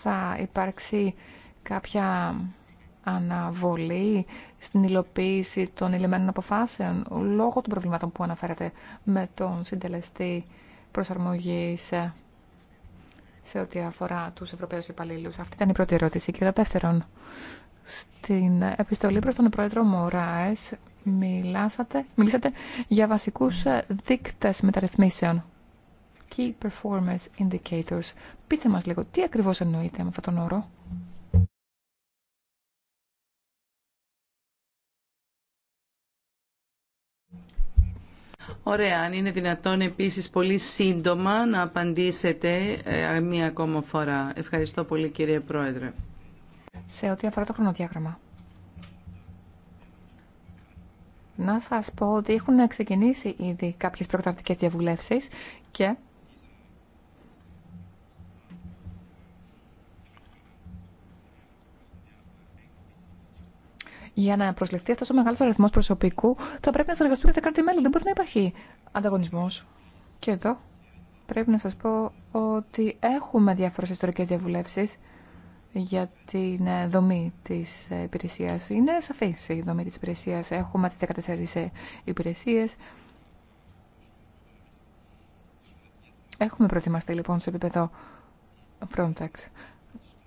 θα υπάρξει κάποια αναβολή στην υλοποίηση των ηλεμένων αποφάσεων λόγω των προβλημάτων που αναφέρατε με τον συντελεστή προσαρμογής σε, ό,τι αφορά τους Ευρωπαίους υπαλλήλου. Αυτή ήταν η πρώτη ερώτηση. Και τα δεύτερον, στην επιστολή προς τον Πρόεδρο Μωράες μιλάσατε, μιλήσατε για βασικούς δείκτες μεταρρυθμίσεων. Key Performance Indicators. Πείτε μας λίγο τι ακριβώς εννοείται με αυτόν τον όρο. Ωραία, αν είναι δυνατόν επίσης πολύ σύντομα να απαντήσετε ε, μία ακόμα φορά. Ευχαριστώ πολύ κύριε Πρόεδρε. Σε ό,τι αφορά το χρονοδιάγραμμα. Να σας πω ότι έχουν ξεκινήσει ήδη κάποιες προκαταρτικές διαβουλεύσεις και για να προσληφθεί αυτό ο μεγάλο αριθμό προσωπικού, θα πρέπει να συνεργαστούμε για τα κράτη-μέλη. Δεν μπορεί να υπάρχει ανταγωνισμό. Και εδώ πρέπει να σα πω ότι έχουμε διάφορε ιστορικέ διαβουλεύσει για την ε, δομή τη ε, υπηρεσία. Είναι σαφή η δομή τη υπηρεσία. Έχουμε τι 14 ε, υπηρεσίε. Έχουμε προετοιμαστεί λοιπόν σε επίπεδο Frontex.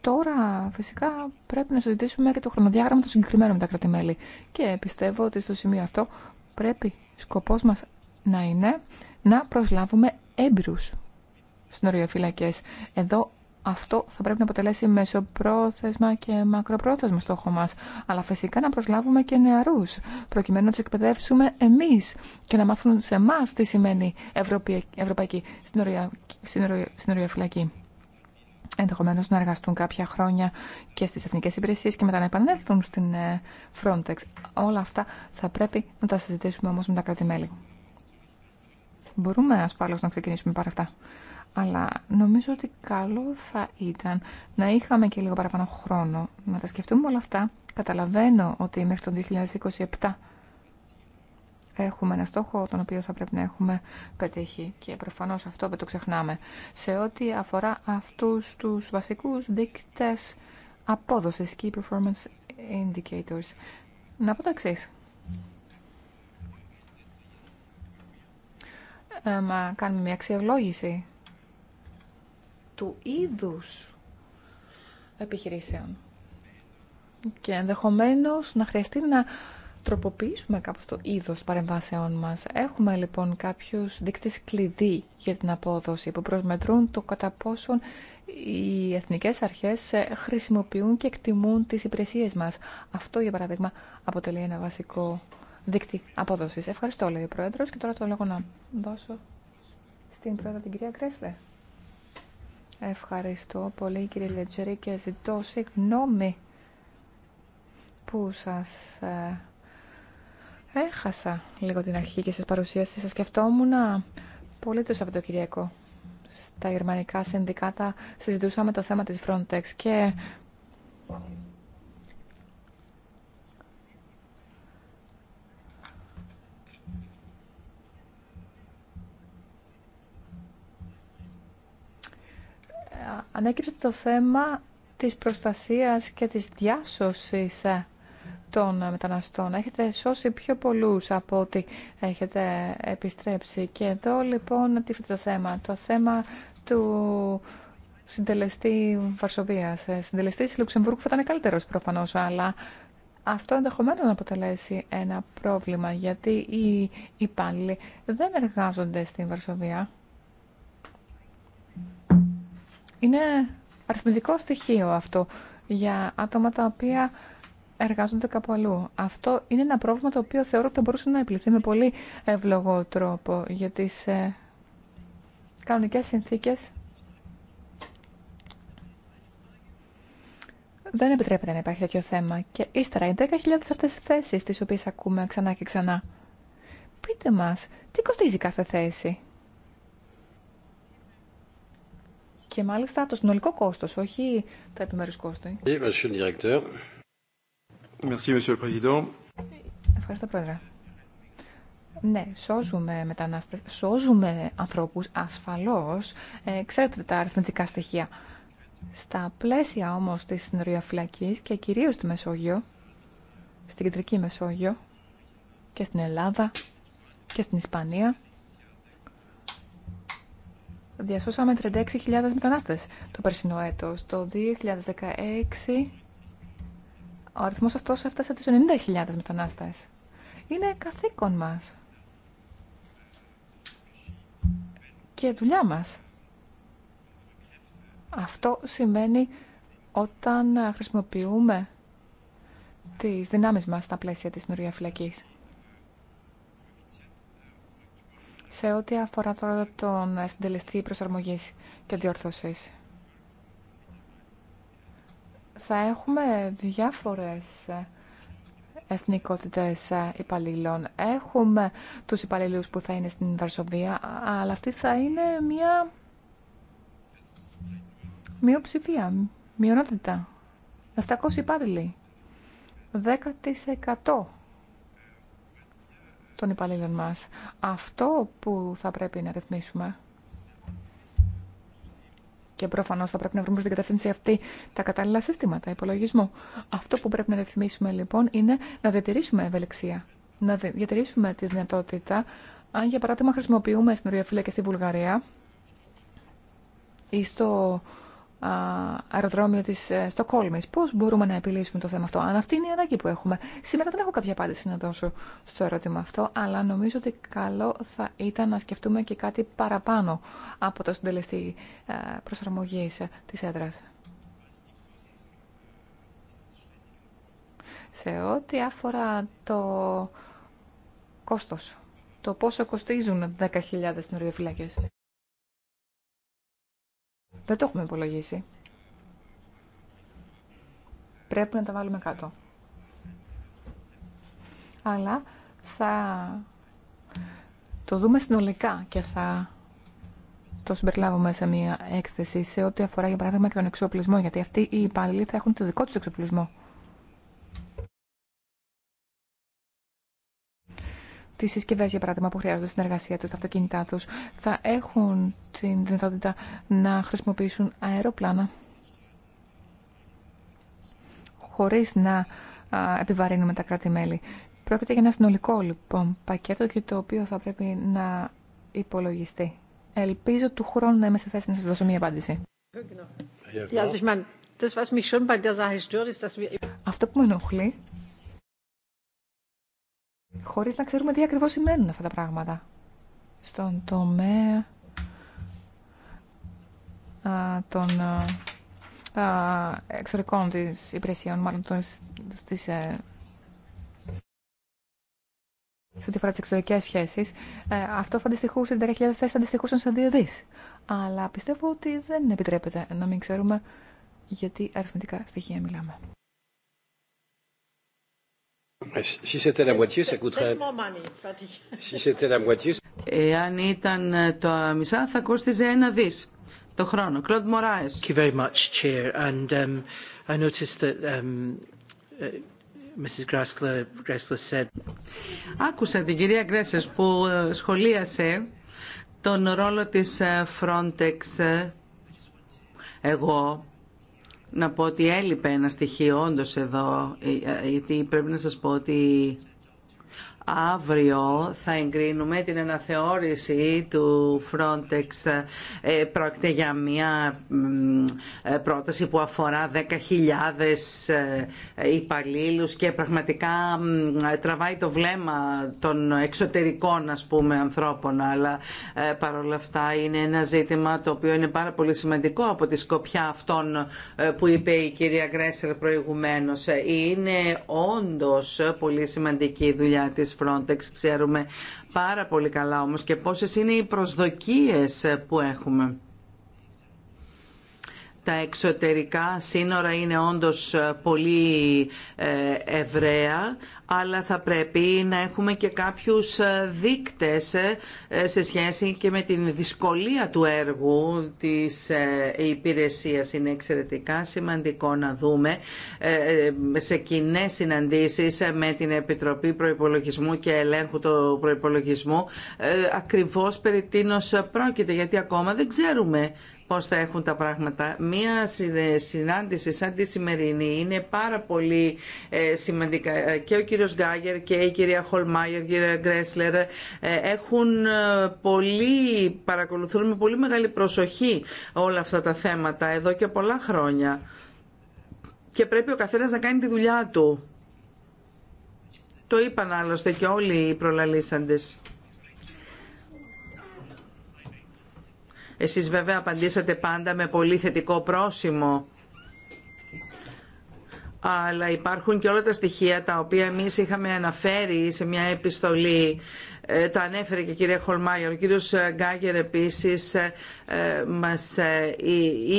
Τώρα φυσικά πρέπει να συζητήσουμε και το χρονοδιάγραμμα των συγκεκριμένων με τα κρατημέλη. Και πιστεύω ότι στο σημείο αυτό πρέπει σκοπός μας να είναι να προσλάβουμε έμπειρους συνοριοφυλακές. Εδώ αυτό θα πρέπει να αποτελέσει μεσοπρόθεσμα και μακροπρόθεσμα στόχο μας. Αλλά φυσικά να προσλάβουμε και νεαρούς, προκειμένου να τους εκπαιδεύσουμε εμείς και να μάθουν σε εμά τι σημαίνει Ευρωπαϊκή Συνοριοφυλακή ενδεχομένω να εργαστούν κάποια χρόνια και στις εθνικές υπηρεσίε και μετά να επανέλθουν στην ε, Frontex. Όλα αυτά θα πρέπει να τα συζητήσουμε όμως με τα κράτη-μέλη. Μπορούμε ασφάλως να ξεκινήσουμε πάρα αυτά. Αλλά νομίζω ότι καλό θα ήταν να είχαμε και λίγο παραπάνω χρόνο να τα σκεφτούμε όλα αυτά. Καταλαβαίνω ότι μέχρι το 2027 έχουμε ένα στόχο τον οποίο θα πρέπει να έχουμε πετύχει και προφανώς αυτό δεν το ξεχνάμε σε ό,τι αφορά αυτούς τους βασικούς δείκτες απόδοσης Key Performance Indicators. Να πω το εξής. μα κάνουμε μια αξιολόγηση του είδους επιχειρήσεων και ενδεχομένως να χρειαστεί να τροποποιήσουμε κάπως το είδος παρεμβάσεών μας. Έχουμε λοιπόν κάποιους δείκτες κλειδί για την απόδοση που προσμετρούν το κατά πόσον οι εθνικές αρχές χρησιμοποιούν και εκτιμούν τις υπηρεσίες μας. Αυτό για παράδειγμα αποτελεί ένα βασικό δείκτη απόδοσης. Ευχαριστώ λέει ο Πρόεδρος και τώρα το λέγω να δώσω στην Πρόεδρο την κυρία Κρέσλε. Ευχαριστώ πολύ κύριε Λετζερή και ζητώ συγγνώμη που σας ε, Έχασα λίγο την αρχή και σας παρουσίαση. Σας σκεφτόμουν πολύ το Σαββατοκυριακό. Στα γερμανικά συνδικάτα συζητούσαμε το θέμα της Frontex και... Ανέκυψε το θέμα της προστασίας και της διάσωσης των μεταναστών. Έχετε σώσει πιο πολλούς από ό,τι έχετε επιστρέψει. Και εδώ λοιπόν τι το θέμα. Το θέμα του συντελεστή Βαρσοβίας. Ε, συντελεστής Λουξεμβούργου θα ήταν καλύτερος προφανώς, αλλά αυτό ενδεχομένως να αποτελέσει ένα πρόβλημα, γιατί οι υπάλληλοι δεν εργάζονται στην Βαρσοβία. Είναι αριθμητικό στοιχείο αυτό για άτομα τα οποία εργάζονται κάπου αλλού. Αυτό είναι ένα πρόβλημα το οποίο θεωρώ ότι θα μπορούσε να επιληθεί με πολύ ευλογό τρόπο για σε κανονικές συνθήκες. Δεν επιτρέπεται να υπάρχει τέτοιο θέμα. Και ύστερα, οι 10.000 αυτές οι θέσεις, τις οποίες ακούμε ξανά και ξανά. Πείτε μας, τι κοστίζει κάθε θέση. Και μάλιστα το συνολικό κόστος, όχι τα επιμέρους κόστη. Ευχαριστώ, Πρόεδρε. Ναι, σώζουμε μετανάστες, σώζουμε ανθρώπους ασφαλώς. Ε, ξέρετε τα αριθμητικά στοιχεία. Στα πλαίσια όμως της συνοριαφυλακής και κυρίως στη Μεσόγειο, στην Κεντρική Μεσόγειο και στην Ελλάδα και στην Ισπανία, διασώσαμε 36.000 μετανάστες το περσινό έτος. Το 2016 ο αριθμός αυτός έφτασε τις 90.000 μετανάστες. Είναι καθήκον μας. Και δουλειά μας. Αυτό σημαίνει όταν χρησιμοποιούμε τις δυνάμεις μας στα πλαίσια της νοριαφυλακής. Σε ό,τι αφορά τώρα τον συντελεστή προσαρμογής και διορθώσεις θα έχουμε διάφορες εθνικότητες υπαλλήλων. Έχουμε τους υπαλλήλους που θα είναι στην Βαρσοβία, αλλά αυτή θα είναι μια μειοψηφία, μειονότητα. 700 υπάλληλοι. 10% των υπαλλήλων μας. Αυτό που θα πρέπει να ρυθμίσουμε και προφανώ θα πρέπει να βρούμε στην κατεύθυνση αυτή τα κατάλληλα συστήματα υπολογισμού. Αυτό που πρέπει να ρυθμίσουμε λοιπόν είναι να διατηρήσουμε ευελιξία. Να διατηρήσουμε τη δυνατότητα, αν για παράδειγμα χρησιμοποιούμε στην και στη Βουλγαρία ή στο αεροδρόμιο της ε, Στοκόλμης. Πώς μπορούμε να επιλύσουμε το θέμα αυτό, αν αυτή είναι η ανάγκη που έχουμε. Σήμερα δεν έχω κάποια απάντηση να δώσω στο ερώτημα αυτό, αλλά νομίζω ότι καλό θα ήταν να σκεφτούμε και κάτι παραπάνω από το συντελεστή ε, προσαρμογή ε, της έδρας. Σε ό,τι αφορά το κόστος, το πόσο κοστίζουν 10.000 συνοριοφυλακές. Δεν το έχουμε υπολογίσει. Πρέπει να τα βάλουμε κάτω. Αλλά θα το δούμε συνολικά και θα το συμπεριλάβουμε σε μια έκθεση σε ό,τι αφορά για παράδειγμα και τον εξοπλισμό, γιατί αυτοί οι υπάλληλοι θα έχουν το δικό τους εξοπλισμό. τι συσκευέ, για παράδειγμα, που χρειάζονται στην εργασία του, τα αυτοκίνητά του, θα έχουν την δυνατότητα να χρησιμοποιήσουν αεροπλάνα χωρίς να επιβαρύνουμε τα κράτη-μέλη. Πρόκειται για ένα συνολικό λοιπόν πακέτο και το οποίο θα πρέπει να υπολογιστεί. Ελπίζω του χρόνου να είμαι σε θέση να σα δώσω μία απάντηση. Αυτό που με ενοχλεί χωρίς να ξέρουμε τι ακριβώς σημαίνουν αυτά τα πράγματα. Στον τομέα των εξωτερικών της υπηρεσιών, μάλλον στις ε, σε ό,τι αφορά σχέσει, ε, αυτό θα αντιστοιχούσε, 10.000 θέσει αντιστοιχούσαν σε 2 δι. Αλλά πιστεύω ότι δεν επιτρέπεται να μην ξέρουμε γιατί αριθμητικά στοιχεία μιλάμε. Si Εάν ήταν ε, το μισά, θα κόστιζε ένα δις το χρόνο. Κλοντ um, um, uh, Άκουσα την κυρία Γκρέσσες που ε, σχολίασε τον ρόλο της ε, Frontex. Εγώ να πω ότι έλειπε ένα στοιχείο όντω εδώ, ε, ε, γιατί πρέπει να σας πω ότι Αύριο θα εγκρίνουμε την αναθεώρηση του Frontex. Ε, πρόκειται για μια ε, πρόταση που αφορά 10.000 ε, υπαλλήλους και πραγματικά τραβάει το βλέμμα των εξωτερικών ας πούμε ανθρώπων αλλά παρόλα αυτά είναι ένα ζήτημα το οποίο είναι πάρα πολύ σημαντικό από τη σκοπιά αυτών που είπε η κυρία Γκρέσσερ προηγουμένως. Είναι όντως πολύ σημαντική η δουλειά της Frontex. Ξέρουμε πάρα πολύ καλά όμως και πόσες είναι οι προσδοκίες που έχουμε τα εξωτερικά σύνορα είναι όντως ε, πολύ ε, ευραία, αλλά θα πρέπει να έχουμε και κάποιους ε, δείκτες σε σχέση και με την δυσκολία του έργου της υπηρεσίας. Είναι εξαιρετικά σημαντικό να δούμε σε κοινέ συναντήσεις με την Επιτροπή Προϋπολογισμού και Ελέγχου του Προϋπολογισμού ακριβώς περί τίνος πρόκειται, γιατί ακόμα δεν ξέρουμε πώς θα έχουν τα πράγματα. Μία συνάντηση σαν τη σημερινή είναι πάρα πολύ ε, σημαντικά. Ε, και ο κύριος Γκάγερ και η κυρία Χολμάγερ, η κυρία Γκρέσλερ ε, έχουν πολύ, παρακολουθούν με πολύ μεγάλη προσοχή όλα αυτά τα θέματα εδώ και πολλά χρόνια. Και πρέπει ο καθένας να κάνει τη δουλειά του. Το είπαν άλλωστε και όλοι οι προλαλήσαντες. Εσείς βέβαια απαντήσατε πάντα με πολύ θετικό πρόσημο αλλά υπάρχουν και όλα τα στοιχεία τα οποία εμείς είχαμε αναφέρει σε μια επιστολή ε, τα ανέφερε και η κυρία Χολμάγερ. Ο κύριος ε, Γκάγερ επίσης ε, μας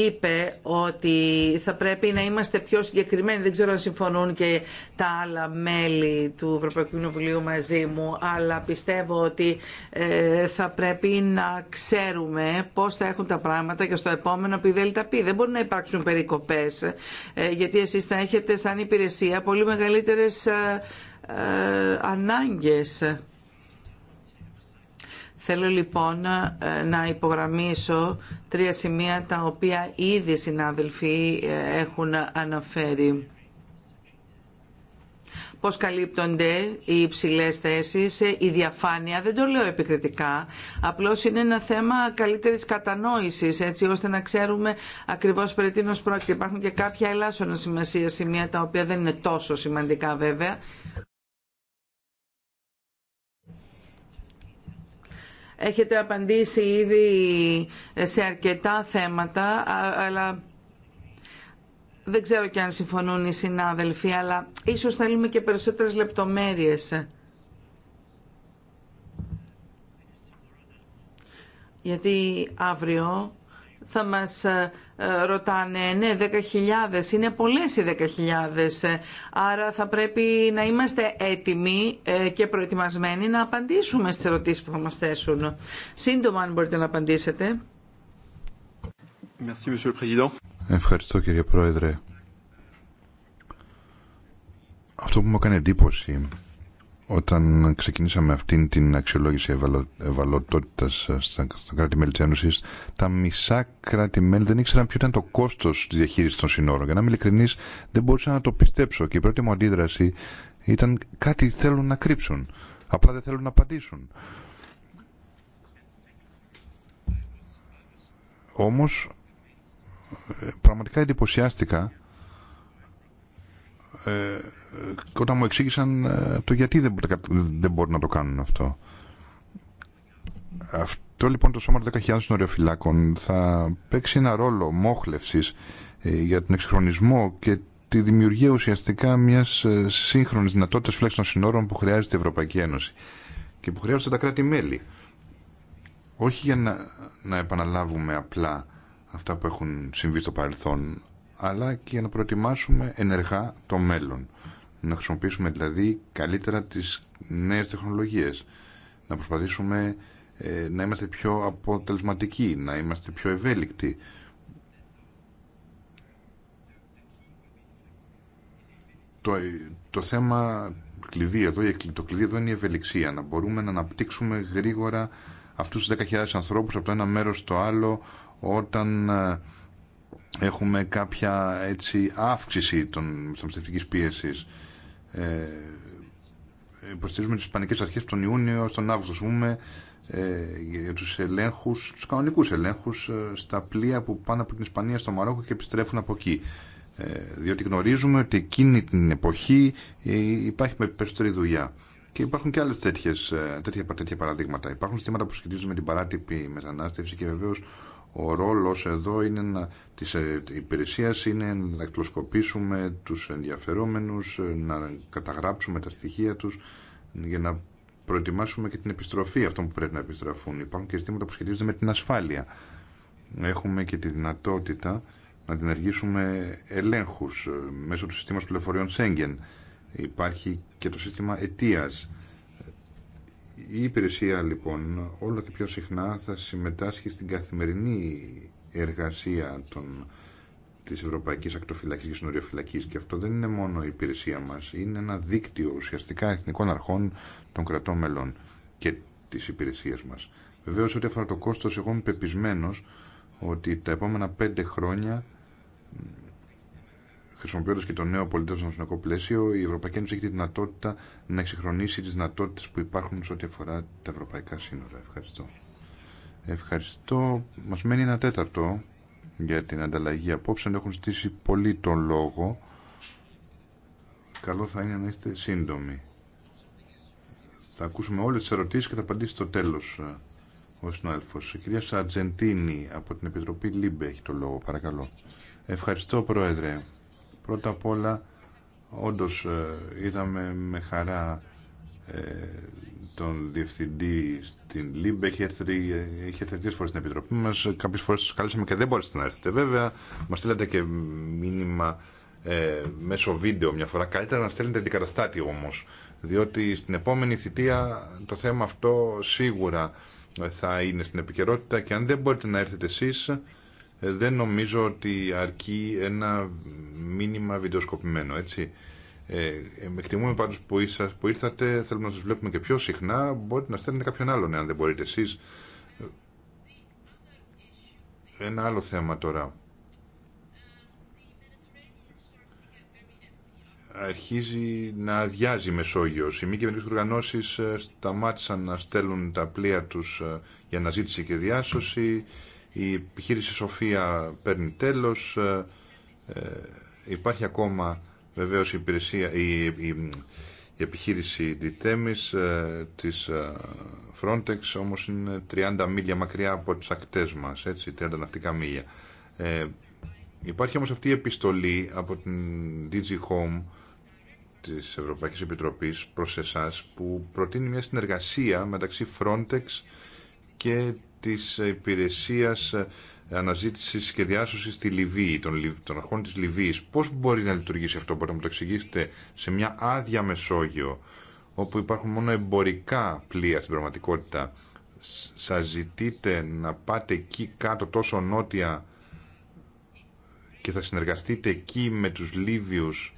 είπε ότι θα πρέπει να είμαστε πιο συγκεκριμένοι. Δεν ξέρω αν συμφωνούν και τα άλλα μέλη του Ευρωπαϊκού Κοινοβουλίου μαζί μου, αλλά πιστεύω ότι θα πρέπει να ξέρουμε πώς θα έχουν τα πράγματα και στο επόμενο πεί. Δεν μπορεί να υπάρξουν περικοπές, γιατί εσείς θα έχετε σαν υπηρεσία πολύ μεγαλύτερες ανάγκες. Θέλω λοιπόν ε, να υπογραμμίσω τρία σημεία τα οποία ήδη συνάδελφοι ε, έχουν αναφέρει. Πώς καλύπτονται οι υψηλές θέσεις, ε, η διαφάνεια, δεν το λέω επικριτικά, απλώς είναι ένα θέμα καλύτερης κατανόησης, έτσι ώστε να ξέρουμε ακριβώς περί τίνος πρόκειται. Υπάρχουν και κάποια ελάσσονα σημασία σημεία, τα οποία δεν είναι τόσο σημαντικά βέβαια, Έχετε απαντήσει ήδη σε αρκετά θέματα, αλλά δεν ξέρω και αν συμφωνούν οι συνάδελφοι, αλλά ίσως θέλουμε και περισσότερες λεπτομέρειες. Γιατί αύριο θα μας ε, ε, ρωτάνε, ναι, 10.000, είναι πολλές οι 10.000, ε, άρα θα πρέπει να είμαστε έτοιμοι και προετοιμασμένοι να απαντήσουμε στις ερωτήσεις που θα μας θέσουν. Σύντομα, αν μπορείτε να απαντήσετε. Ευχαριστώ, κύριε Πρόεδρε. Αυτό που μου έκανε εντύπωση όταν ξεκινήσαμε αυτήν την αξιολόγηση ευαλωτότητα ε, στα κράτη-μέλη τη Ένωση, τα μισά κράτη-μέλη δεν ήξεραν ποιο ήταν το κόστο τη διαχείριση των συνόρων. Για να είμαι ειλικρινή, δεν μπορούσα να το πιστέψω. Και η πρώτη μου αντίδραση ήταν κάτι θέλουν να κρύψουν. Απλά δεν θέλουν να απαντήσουν. Όμως, ε, πραγματικά εντυπωσιάστηκα ε, ε, όταν μου εξήγησαν ε, το γιατί δεν, δεν μπορούν να το κάνουν αυτό. Αυτό λοιπόν το σώμα των 10.000 συνοριοφυλάκων θα παίξει ένα ρόλο μόχλευσης ε, για τον εξυγχρονισμό και τη δημιουργία ουσιαστικά μιας σύγχρονης δυνατότητας φλέξης των συνόρων που χρειάζεται η Ευρωπαϊκή Ένωση και που χρειάζονται τα κράτη-μέλη. Όχι για να, να επαναλάβουμε απλά αυτά που έχουν συμβεί στο παρελθόν, αλλά και για να προετοιμάσουμε ενεργά το μέλλον να χρησιμοποιήσουμε δηλαδή καλύτερα τις νέες τεχνολογίες, να προσπαθήσουμε ε, να είμαστε πιο αποτελεσματικοί, να είμαστε πιο ευέλικτοι. Το, το θέμα κλειδί εδώ, το κλειδί εδώ είναι η ευελιξία, να μπορούμε να αναπτύξουμε γρήγορα αυτούς τους 10.000 ανθρώπους από το ένα μέρος στο άλλο όταν ε, έχουμε κάποια έτσι αύξηση των, των πίεσης ε, ε, υποστηρίζουμε τις Ισπανικές Αρχές τον Ιούνιο, στον Αύγουστο, πούμε, ε, για τους ελέγχους, τους κανονικούς ελέγχους ε, στα πλοία που πάνε από την Ισπανία στο Μαρόκο και επιστρέφουν από εκεί. Ε, διότι γνωρίζουμε ότι εκείνη την εποχή υπάρχει με περισσότερη δουλειά. Και υπάρχουν και άλλε τέτοια, τέτοια παραδείγματα. Υπάρχουν ζητήματα που σχετίζονται με την παράτυπη μετανάστευση και βεβαίω ο ρόλος εδώ είναι να, της ε, υπηρεσίας είναι να εκλοσκοπήσουμε τους ενδιαφερόμενους, ε, να καταγράψουμε τα στοιχεία τους για να προετοιμάσουμε και την επιστροφή αυτών που πρέπει να επιστραφούν. Υπάρχουν και ζητήματα που σχετίζονται με την ασφάλεια. Έχουμε και τη δυνατότητα να διενεργήσουμε ελέγχους ε, μέσω του συστήματος πληροφοριών Schengen. Υπάρχει και το σύστημα αιτίας η υπηρεσία λοιπόν όλο και πιο συχνά θα συμμετάσχει στην καθημερινή εργασία των, της Ευρωπαϊκής Ακτοφυλακής και Συνοριοφυλακής και αυτό δεν είναι μόνο η υπηρεσία μας, είναι ένα δίκτυο ουσιαστικά εθνικών αρχών των κρατών μελών και της υπηρεσίας μας. Βεβαίως ό,τι αφορά το κόστος εγώ είμαι πεπισμένος ότι τα επόμενα πέντε χρόνια χρησιμοποιώντα και το νέο πολιτεύσιο πλαίσιο, η Ευρωπαϊκή Ένωση έχει τη δυνατότητα να εξυγχρονίσει τι δυνατότητε που υπάρχουν σε ό,τι αφορά τα ευρωπαϊκά σύνορα. Ευχαριστώ. Ευχαριστώ. Μα μένει ένα τέταρτο για την ανταλλαγή απόψεων. Έχουν στήσει πολύ τον λόγο. Καλό θα είναι να είστε σύντομοι. Θα ακούσουμε όλε τι ερωτήσει και θα απαντήσει στο τέλο ε, ο συνάδελφο. Η κυρία Σατζεντίνη από την Επιτροπή Λίμπε έχει το λόγο, παρακαλώ. Ευχαριστώ, Πρόεδρε. Πρώτα απ' όλα, όντως ε, είδαμε με χαρά ε, τον διευθυντή στην ΛΥΜΠ. Έχει έρθει, ε, έχει φορές στην Επιτροπή μας. Κάποιες φορές σας καλέσαμε και δεν μπορείτε να έρθετε βέβαια. Μας στείλατε και μήνυμα ε, μέσω βίντεο μια φορά. Καλύτερα να στέλνετε αντικαταστάτη όμως. Διότι στην επόμενη θητεία το θέμα αυτό σίγουρα θα είναι στην επικαιρότητα και αν δεν μπορείτε να έρθετε εσείς ε, δεν νομίζω ότι αρκεί ένα μήνυμα βιντεοσκοπημένο, έτσι. Ε, εκτιμούμε πάντως που, που ήρθατε, θέλουμε να σας βλέπουμε και πιο συχνά, μπορείτε να στέλνετε κάποιον άλλον, αν δεν μπορείτε εσείς. Ε, ένα άλλο θέμα τώρα. Αρχίζει να αδειάζει η Μεσόγειος. Οι μη κυβερνικές οργανώσεις ε, σταμάτησαν να στέλνουν τα πλοία τους για αναζήτηση και διάσωση η επιχείρηση Σοφία παίρνει τέλος, ε, ε, υπάρχει ακόμα βεβαίως η, υπηρεσία, η, η, επιχείρηση Διτέμις ε, της Frontex όμως είναι 30 μίλια μακριά από τις ακτές μας, έτσι, 30 ναυτικά μίλια. υπάρχει όμως αυτή η επιστολή από την DG Home της Ευρωπαϊκής Επιτροπής προς εσάς που προτείνει μια συνεργασία μεταξύ Frontex και της υπηρεσίας ε, αναζήτησης και διάσωσης στη Λιβύη, των, των αρχών της Λιβύης. Πώς μπορεί να λειτουργήσει αυτό, μπορείτε να μου το εξηγήσετε, σε μια άδεια Μεσόγειο, όπου υπάρχουν μόνο εμπορικά πλοία στην πραγματικότητα. Σας ζητείτε να πάτε εκεί κάτω τόσο νότια και θα συνεργαστείτε εκεί με τους Λίβιους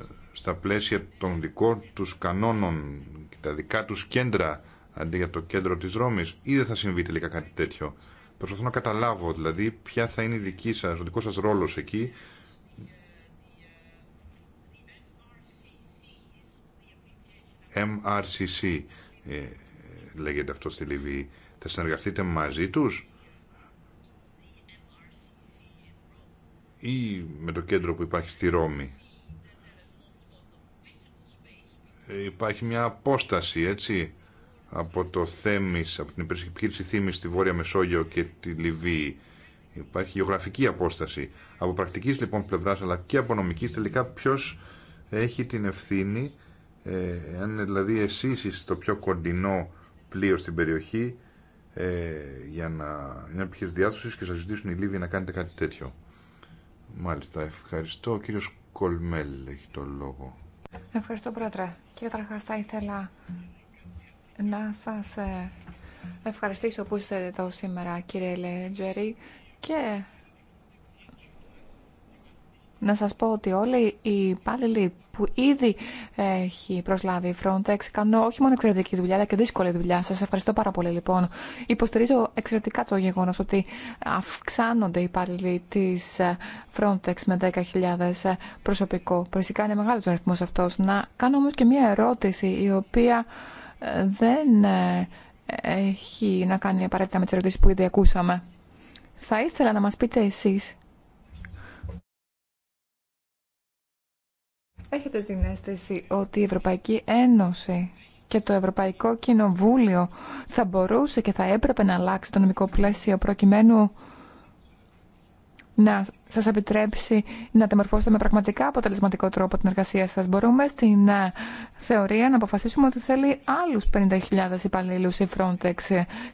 ε, στα πλαίσια των δικών τους κανόνων και τα δικά τους κέντρα αντί για το κέντρο της Ρώμης ή δεν θα συμβεί τελικά κάτι τέτοιο. Προσπαθώ να καταλάβω δηλαδή ποια θα είναι η δική σας, ο δικός σας ρόλος εκεί MRCC ε, λέγεται αυτό στη Λιβύη. Θα συνεργαστείτε μαζί τους ή με το κέντρο που υπάρχει στη Ρώμη. Ε, υπάρχει μια απόσταση, έτσι από το Θέμης, από την επιχείρηση θύμή στη Βόρεια Μεσόγειο και τη Λιβύη. Υπάρχει γεωγραφική απόσταση. Από πρακτική λοιπόν πλευρά αλλά και από νομική τελικά ποιο έχει την ευθύνη, ε, αν δηλαδή εσεί είστε το πιο κοντινό πλοίο στην περιοχή, ε, για να μια επιχείρηση διάσωση και σα ζητήσουν οι Λίβοι να κάνετε κάτι τέτοιο. Μάλιστα, ευχαριστώ. Ο κύριο Κολμέλ έχει το λόγο. Ευχαριστώ, Πρόεδρε. Κύριε Τραχά, ήθελα να σας ε, ευχαριστήσω που είστε εδώ σήμερα κύριε Λετζερή και να σας πω ότι όλοι οι υπάλληλοι που ήδη έχει προσλάβει η Frontex κάνουν όχι μόνο εξαιρετική δουλειά αλλά και δύσκολη δουλειά. Σας ευχαριστώ πάρα πολύ λοιπόν. Υποστηρίζω εξαιρετικά το γεγονός ότι αυξάνονται οι υπάλληλοι της Frontex με 10.000 προσωπικό. Προσικά είναι μεγάλος ο αριθμός αυτός. Να κάνω όμως και μια ερώτηση η οποία δεν ε, έχει να κάνει απαραίτητα με τις ερωτήσεις που ήδη ακούσαμε. Θα ήθελα να μας πείτε εσείς. Έχετε την αίσθηση ότι η Ευρωπαϊκή Ένωση και το Ευρωπαϊκό Κοινοβούλιο θα μπορούσε και θα έπρεπε να αλλάξει το νομικό πλαίσιο προκειμένου να σας επιτρέψει να διαμορφώσετε με πραγματικά αποτελεσματικό τρόπο την εργασία σας. Μπορούμε στην ε, θεωρία να αποφασίσουμε ότι θέλει άλλους 50.000 υπαλλήλους η Frontex.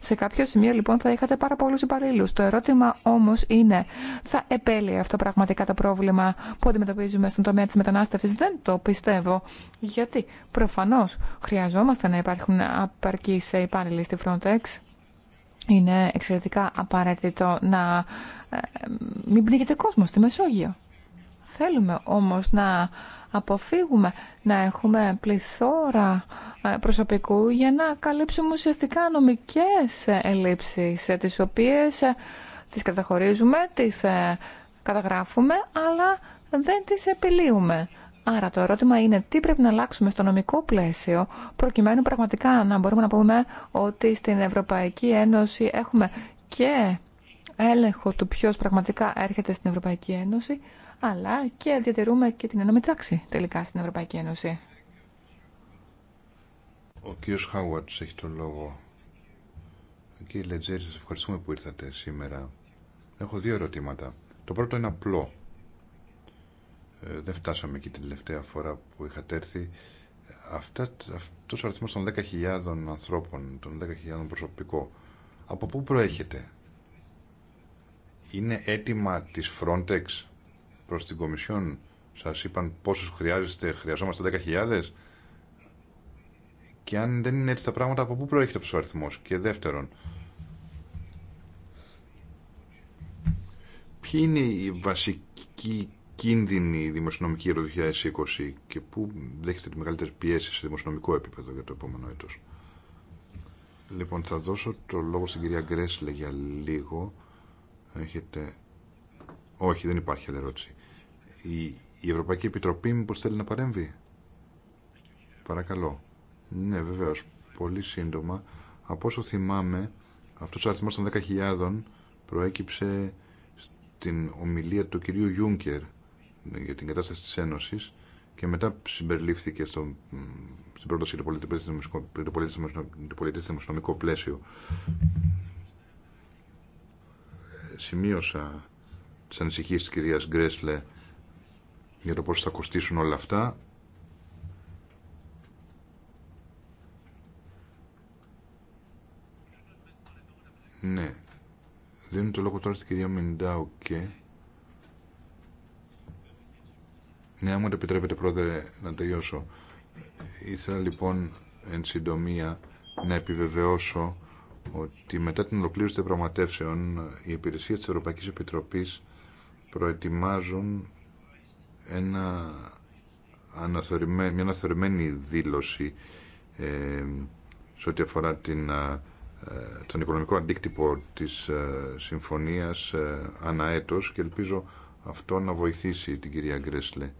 Σε κάποιο σημείο λοιπόν θα είχατε πάρα πολλούς υπαλλήλους. Το ερώτημα όμως είναι, θα επέλει αυτό πραγματικά το πρόβλημα που αντιμετωπίζουμε στον τομέα της μετανάστευσης. Δεν το πιστεύω. Γιατί προφανώς χρειαζόμαστε να υπάρχουν απαρκείς υπάλληλοι στη Frontex είναι εξαιρετικά απαραίτητο να ε, μην πνίγεται κόσμο στη Μεσόγειο. Θέλουμε όμως να αποφύγουμε να έχουμε πληθώρα ε, προσωπικού για να καλύψουμε ουσιαστικά νομικές ελλείψεις, ε, τις οποίες τις καταχωρίζουμε, τις καταγράφουμε, αλλά δεν τις επιλύουμε. Άρα το ερώτημα είναι τι πρέπει να αλλάξουμε στο νομικό πλαίσιο προκειμένου πραγματικά να μπορούμε να πούμε ότι στην Ευρωπαϊκή Ένωση έχουμε και έλεγχο του ποιο πραγματικά έρχεται στην Ευρωπαϊκή Ένωση αλλά και διατηρούμε και την ενόμη τάξη τελικά στην Ευρωπαϊκή Ένωση. Ο κύριος Χάουατς έχει τον λόγο. Κύριε Λετζέρη, σας ευχαριστούμε που ήρθατε σήμερα. Έχω δύο ερωτήματα. Το πρώτο είναι απλό. Ε, δεν φτάσαμε εκεί την τελευταία φορά που είχατε έρθει. Αυτά, αυτός ο αριθμός των 10.000 ανθρώπων, των 10.000 προσωπικό, από πού προέρχεται. Είναι αίτημα της Frontex προς την Κομισιόν. Σας είπαν πόσους χρειάζεστε, χρειαζόμαστε 10.000. Και αν δεν είναι έτσι τα πράγματα, από πού προέρχεται αυτός ο αριθμός. Και δεύτερον, ποιοι είναι οι βασικοί η δημοσιονομική για το 2020 και πού δέχεστε τη μεγαλύτερη πιέση σε δημοσιονομικό επίπεδο για το επόμενο έτος. Λοιπόν, θα δώσω το λόγο στην κυρία Γκρέσλε για λίγο. Έχετε... Όχι, δεν υπάρχει άλλη ερώτηση. Η, η Ευρωπαϊκή Επιτροπή μήπως θέλει να παρέμβει. Παρακαλώ. Ναι, βεβαίως. Πολύ σύντομα. Από όσο θυμάμαι, αυτός ο αριθμός των 10.000 προέκυψε στην ομιλία του κυρίου Γιούνκερ για την κατάσταση τη Ένωση και μετά συμπεριλήφθηκε στο, στην πρόταση για το πολιτιστικο πλαίσιο. Σημείωσα τι ανησυχίε τη κυρία Γκρέσλε για το πώ θα κοστίσουν όλα αυτά. Ναι. Δίνω το λόγο τώρα στην κυρία Μιντάου και... Ναι, μου το επιτρέπετε πρόεδρε να τελειώσω. Ήθελα λοιπόν εν συντομία να επιβεβαιώσω ότι μετά την ολοκλήρωση των πραγματεύσεων οι υπηρεσίες της Ευρωπαϊκής Επιτροπής προετοιμάζουν ένα μια αναθεωρημένη δήλωση ε, σε ό,τι αφορά την, ε, τον οικονομικό αντίκτυπο της ε, συμφωνίας ε, αναέτος και ελπίζω αυτό να βοηθήσει την κυρία Γκρέσλε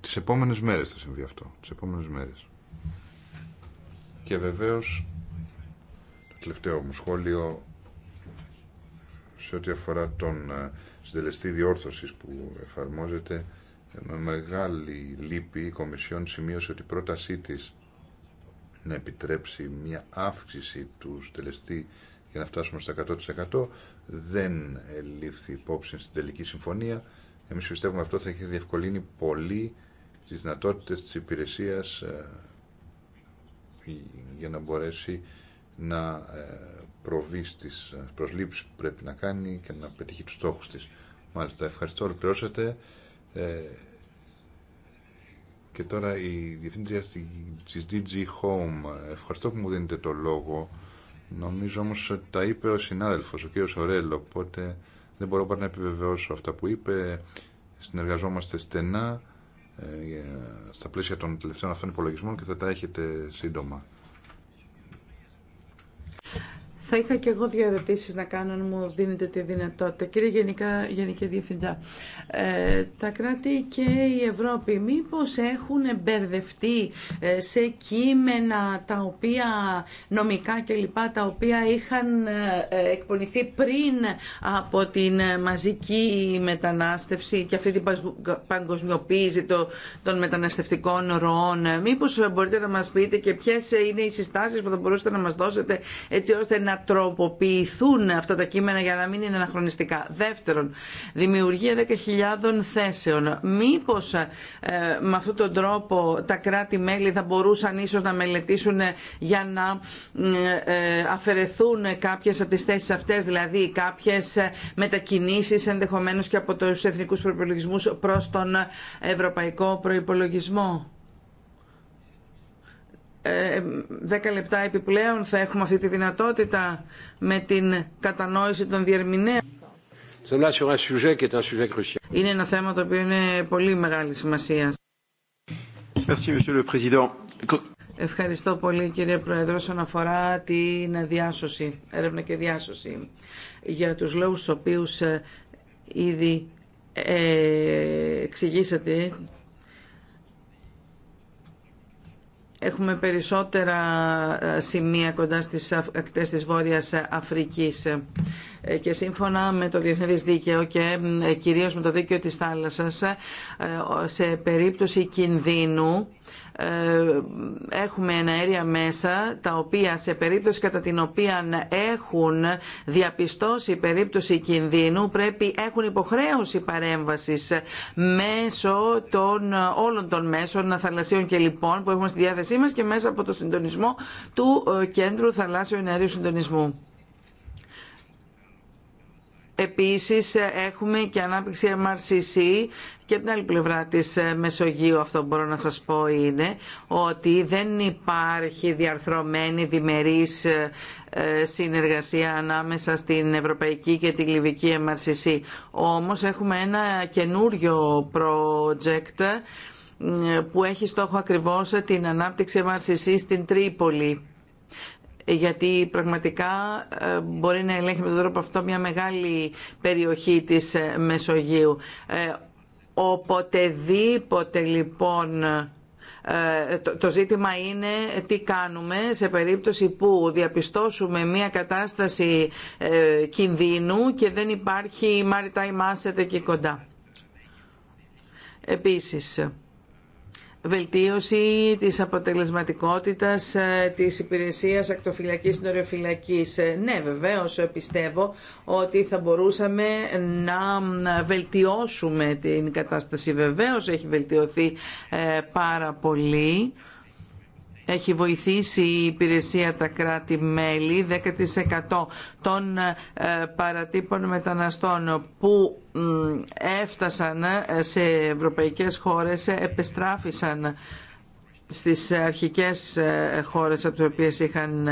τις επόμενες μέρες θα συμβεί αυτό. Τις επόμενες μέρες. Και βεβαίως το τελευταίο μου σχόλιο σε ό,τι αφορά τον ε, συντελεστή διόρθωσης που εφαρμόζεται με μεγάλη λύπη η Κομισιόν σημείωσε ότι η πρότασή της να επιτρέψει μια αύξηση του συντελεστή για να φτάσουμε στα 100% δεν λήφθη υπόψη στην τελική συμφωνία εμείς πιστεύουμε αυτό θα έχει διευκολύνει πολύ τις δυνατότητες της υπηρεσίας ε, για να μπορέσει να ε, προβεί στις ε, προσλήψεις που πρέπει να κάνει και να πετύχει τους στόχους της. Μάλιστα, ευχαριστώ, ολοκληρώσατε. Και τώρα η διευθύντρια της DG Home. Ευχαριστώ που μου δίνετε το λόγο. Νομίζω όμως τα είπε ο συνάδελφος, ο κ. Σορέλο, οπότε δεν μπορώ παρά να επιβεβαιώσω αυτά που είπε. Συνεργαζόμαστε στενά ε, στα πλαίσια των τελευταίων αυτών υπολογισμών και θα τα έχετε σύντομα. Θα είχα και εγώ δύο ερωτήσεις να κάνω, αν μου δίνετε τη δυνατότητα. Κύριε Γενικά, Γενική Διευθυντά, ε, τα κράτη και η Ευρώπη μήπως έχουν μπερδευτεί ε, σε κείμενα τα οποία νομικά κλπ. τα οποία είχαν ε, εκπονηθεί πριν από την μαζική μετανάστευση και αυτή την παγκοσμιοποίηση των μεταναστευτικών ροών. Μήπως μπορείτε να μας πείτε και ποιες είναι οι συστάσεις που θα μπορούσατε να μας δώσετε έτσι ώστε να τροποποιηθούν αυτά τα κείμενα για να μην είναι αναχρονιστικά. Δεύτερον, δημιουργία 10.000 θέσεων. Μήπως ε, με αυτόν τον τρόπο τα κράτη-μέλη θα μπορούσαν ίσως να μελετήσουν για να ε, ε, αφαιρεθούν κάποιες από τις θέσει αυτές, δηλαδή κάποιες μετακινήσεις ενδεχομένως και από τους εθνικούς προπολογισμού προς τον ευρωπαϊκό Προπολογισμό. Ε, δέκα λεπτά επιπλέον θα έχουμε αυτή τη δυνατότητα με την κατανόηση των διερμηνέων. Είναι ένα θέμα το οποίο είναι πολύ μεγάλη σημασία. Ευχαριστώ πολύ κύριε Πρόεδρο όσον αφορά την διάσωση, έρευνα και διάσωση για τους λόγους στους οποίους ε, ήδη ε, εξηγήσατε Έχουμε περισσότερα ε, σημεία κοντά στις ακτές της Βόρειας Αφρικής ε, και σύμφωνα με το Διεθνές Δίκαιο και κυρίως με το Δίκαιο της Θάλασσας ε, σε περίπτωση κινδύνου ε, έχουμε εναέρια μέσα τα οποία σε περίπτωση κατά την οποία έχουν διαπιστώσει περίπτωση κινδύνου πρέπει έχουν υποχρέωση παρέμβασης μέσω των όλων των μέσων θαλασσίων και λοιπόν που έχουμε στη διάθεσή μας και μέσα από το συντονισμό του ε, Κέντρου Θαλάσσιου Εναερίου Συντονισμού. Επίσης έχουμε και ανάπτυξη MRCC και από την άλλη πλευρά της Μεσογείου αυτό που μπορώ να σας πω είναι ότι δεν υπάρχει διαρθρωμένη διμερής ε, συνεργασία ανάμεσα στην Ευρωπαϊκή και την Λιβική MRCC. Όμως έχουμε ένα καινούριο project ε, που έχει στόχο ακριβώς την ανάπτυξη MRCC στην Τρίπολη γιατί πραγματικά ε, μπορεί να ελέγχει με τον τρόπο αυτό μια μεγάλη περιοχή της ε, Μεσογείου. Ε, οποτεδήποτε λοιπόν το ζήτημα είναι τι κάνουμε σε περίπτωση που διαπιστώσουμε μια κατάσταση κινδύνου και δεν υπάρχει maritime asset εκεί κοντά. Επίσης, βελτίωση της αποτελεσματικότητας ε, της υπηρεσίας ακτοφυλακής νορεφυλακής. Ε, ναι, βεβαίως πιστεύω ότι θα μπορούσαμε να βελτιώσουμε την κατάσταση. Βεβαίως έχει βελτιωθεί ε, πάρα πολύ έχει βοηθήσει η υπηρεσία τα κράτη-μέλη 10% των ε, παρατύπων μεταναστών που έφτασαν ε, σε ευρωπαϊκές χώρες ε, επεστράφησαν στις αρχικές χώρες από τις οποίες είχαν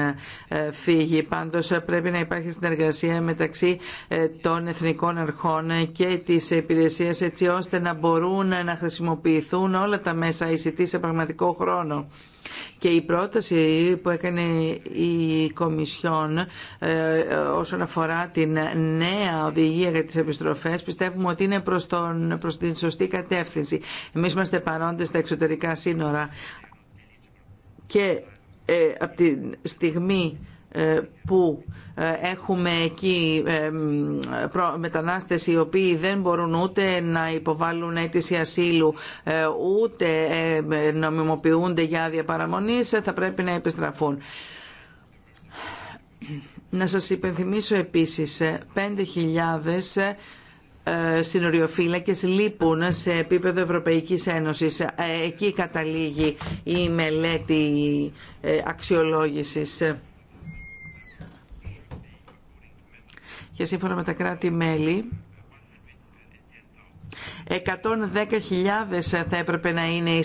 φύγει. Πάντως πρέπει να υπάρχει συνεργασία μεταξύ των εθνικών αρχών και της υπηρεσία έτσι ώστε να μπορούν να χρησιμοποιηθούν όλα τα μέσα ICT σε πραγματικό χρόνο. Και η πρόταση που έκανε η Κομισιόν ε, όσον αφορά την νέα οδηγία για τις επιστροφές πιστεύουμε ότι είναι προς, τον, προς την σωστή κατεύθυνση. Εμείς είμαστε παρόντες στα εξωτερικά σύνορα και ε, από τη στιγμή ε, που ε, έχουμε εκεί ε, μετανάστες οι οποίοι δεν μπορούν ούτε να υποβάλουν αίτηση ασύλου ούτε νομιμοποιούνται για άδεια παραμονής θα πρέπει να επιστραφούν. Να σας υπενθυμίσω επίσης 5.000 συνοριοφύλακες λείπουν σε επίπεδο Ευρωπαϊκής Ένωσης. Εκεί καταλήγει η μελέτη αξιολόγησης. και σύμφωνα με τα κράτη-μέλη 110.000 θα έπρεπε να είναι οι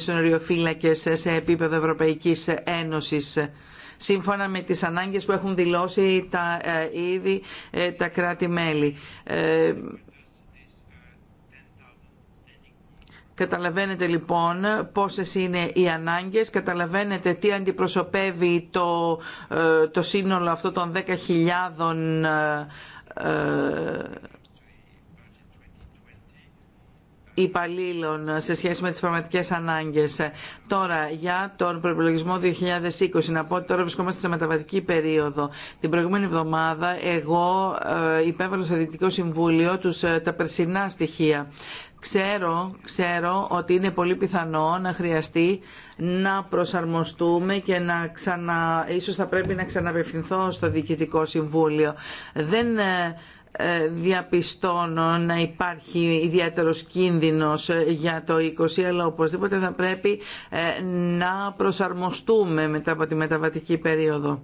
σε επίπεδο Ευρωπαϊκής Ένωσης σύμφωνα με τις ανάγκες που έχουν δηλώσει τα, ε, ήδη ε, τα κράτη-μέλη. Ε, καταλαβαίνετε λοιπόν πόσες είναι οι ανάγκες, καταλαβαίνετε τι αντιπροσωπεύει το, το σύνολο αυτό των 10.000 ε, υπαλλήλων σε σχέση με τις πραγματικές ανάγκες. Τώρα, για τον προπολογισμό 2020, να πω ότι τώρα βρισκόμαστε σε μεταβατική περίοδο. Την προηγούμενη εβδομάδα εγώ ε, υπέβαλα στο Δυτικό Συμβούλιο τους, ε, τα περσινά στοιχεία Ξέρω, ξέρω ότι είναι πολύ πιθανό να χρειαστεί να προσαρμοστούμε και να ξανα... ίσως θα πρέπει να ξαναπευθυνθώ στο Διοικητικό Συμβούλιο. Δεν ε, ε, διαπιστώνω να υπάρχει ιδιαίτερος κίνδυνος ε, για το 20 αλλά οπωσδήποτε θα πρέπει να προσαρμοστούμε μετά από τη μεταβατική περίοδο.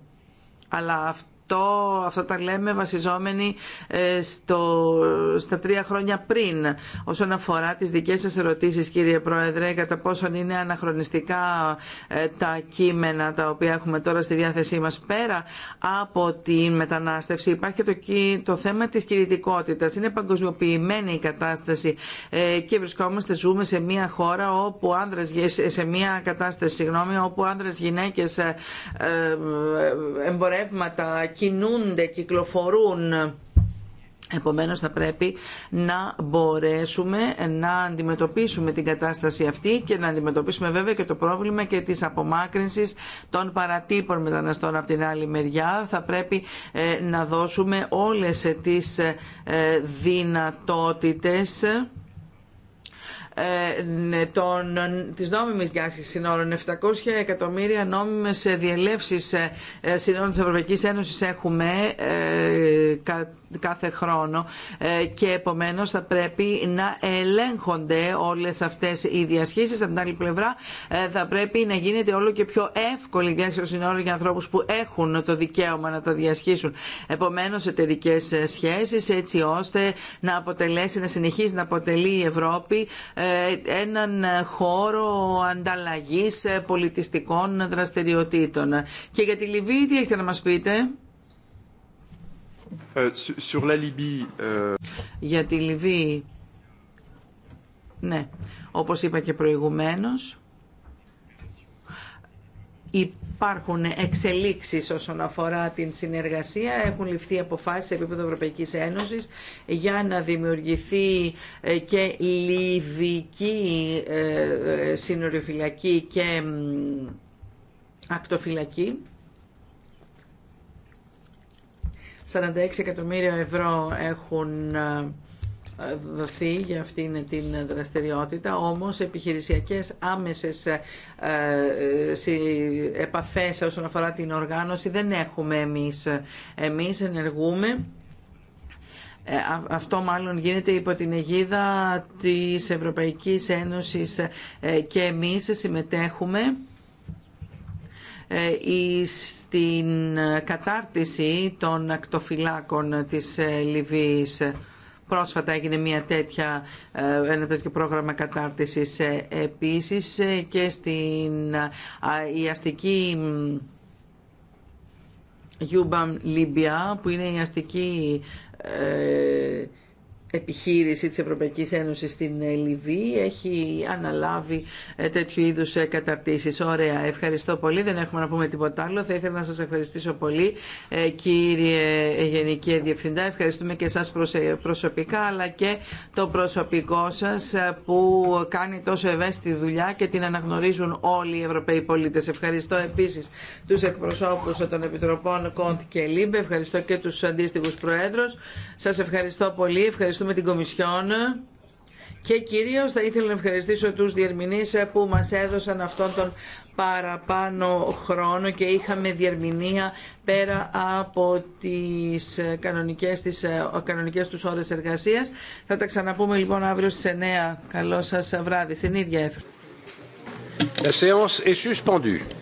Αλλά αυτό αυτό, αυτά τα λέμε βασιζόμενοι ε, στο, στα τρία χρόνια πριν. Όσον αφορά τις δικές σας ερωτήσεις κύριε Πρόεδρε, κατά πόσον είναι αναχρονιστικά ε, τα κείμενα τα οποία έχουμε τώρα στη διάθεσή μας πέρα από την μετανάστευση υπάρχει το, το θέμα της κινητικότητας. Είναι παγκοσμιοποιημένη η κατάσταση ε, και βρισκόμαστε, ζούμε σε μια χώρα όπου άνδρες, σε μια κατάσταση όπου άνδρες, γυναίκες, εμπορεύματα κινούνται, κυκλοφορούν. Επομένως θα πρέπει να μπορέσουμε να αντιμετωπίσουμε την κατάσταση αυτή και να αντιμετωπίσουμε βέβαια και το πρόβλημα και της απομάκρυνσης των παρατύπων μεταναστών από την άλλη μεριά. Θα πρέπει ε, να δώσουμε όλες τις ε, δυνατότητες ε, ναι, των, της νόμιμης διάσχεσης συνόρων. 700 εκατομμύρια νόμιμες διελεύσεις ε, ε, συνόρων της Ευρωπαϊκής Ένωσης έχουμε κάθε χρόνο και επομένως θα πρέπει να ελέγχονται όλες αυτές οι διασχίσεις Από την άλλη πλευρά θα πρέπει να γίνεται όλο και πιο εύκολη διάσχεση των συνόρων για ανθρώπους που έχουν το δικαίωμα να τα διασχίσουν. Επομένως εταιρικέ σχέσεις έτσι ώστε να αποτελέσει, να συνεχίσει να αποτελεί η Ευρώπη ε, έναν χώρο ανταλλαγής ε, πολιτιστικών δραστηριοτήτων. Και για τη Λιβύη τι έχετε να μας πείτε? Ε, la Για τη Λιβύη, ναι, όπως είπα και προηγουμένως, υπάρχουν εξελίξεις όσον αφορά την συνεργασία. Έχουν ληφθεί αποφάσεις σε επίπεδο Ευρωπαϊκής Ένωσης για να δημιουργηθεί ε, και λιβική ε, ε, συνοριοφυλακή και ακτοφυλακή. 46 εκατομμύρια ευρώ έχουν δοθεί για αυτήν την δραστηριότητα, όμως επιχειρησιακές άμεσες ε, επαφές όσον αφορά την οργάνωση δεν έχουμε εμείς. Εμείς ενεργούμε ε, αυτό μάλλον γίνεται υπό την αιγίδα της Ευρωπαϊκής Ένωσης ε, και εμείς συμμετέχουμε στην κατάρτιση των ακτοφυλάκων της Λιβύης. Πρόσφατα έγινε μια τέτοια, ε, ένα τέτοιο πρόγραμμα κατάρτισης ε, επίσης ε, και στην η αστική Γιούμπαμ Λίμπια που είναι η αστική επιχείρηση της Ευρωπαϊκής Ένωσης στην ε, Λιβύη έχει αναλάβει ε, τέτοιου είδους ε, καταρτήσεις. Ωραία, ευχαριστώ πολύ. Δεν έχουμε να πούμε τίποτα άλλο. Θα ήθελα να σας ευχαριστήσω πολύ κύριε Γενική Διευθυντά. Ευχαριστούμε και εσάς προσωπικά αλλά και το προσωπικό σας που κάνει τόσο ευαίσθητη δουλειά και την αναγνωρίζουν όλοι οι Ευρωπαίοι πολίτες. Ευχαριστώ επίσης τους εκπροσώπους των Επιτροπών Κοντ και Λίμπε. Ευχαριστώ και τους αντίστοιχους προέδρους. Σας ευχαριστώ πολύ. Ευχαριστώ ευχαριστούμε την Κομισιόν και κυρίως θα ήθελα να ευχαριστήσω τους διερμηνείς που μας έδωσαν αυτόν τον παραπάνω χρόνο και είχαμε διερμηνία πέρα από τις κανονικές, τις κανονικές τους ώρες εργασίας. Θα τα ξαναπούμε λοιπόν αύριο στις 9. Καλό σας βράδυ. Στην ίδια έφερα.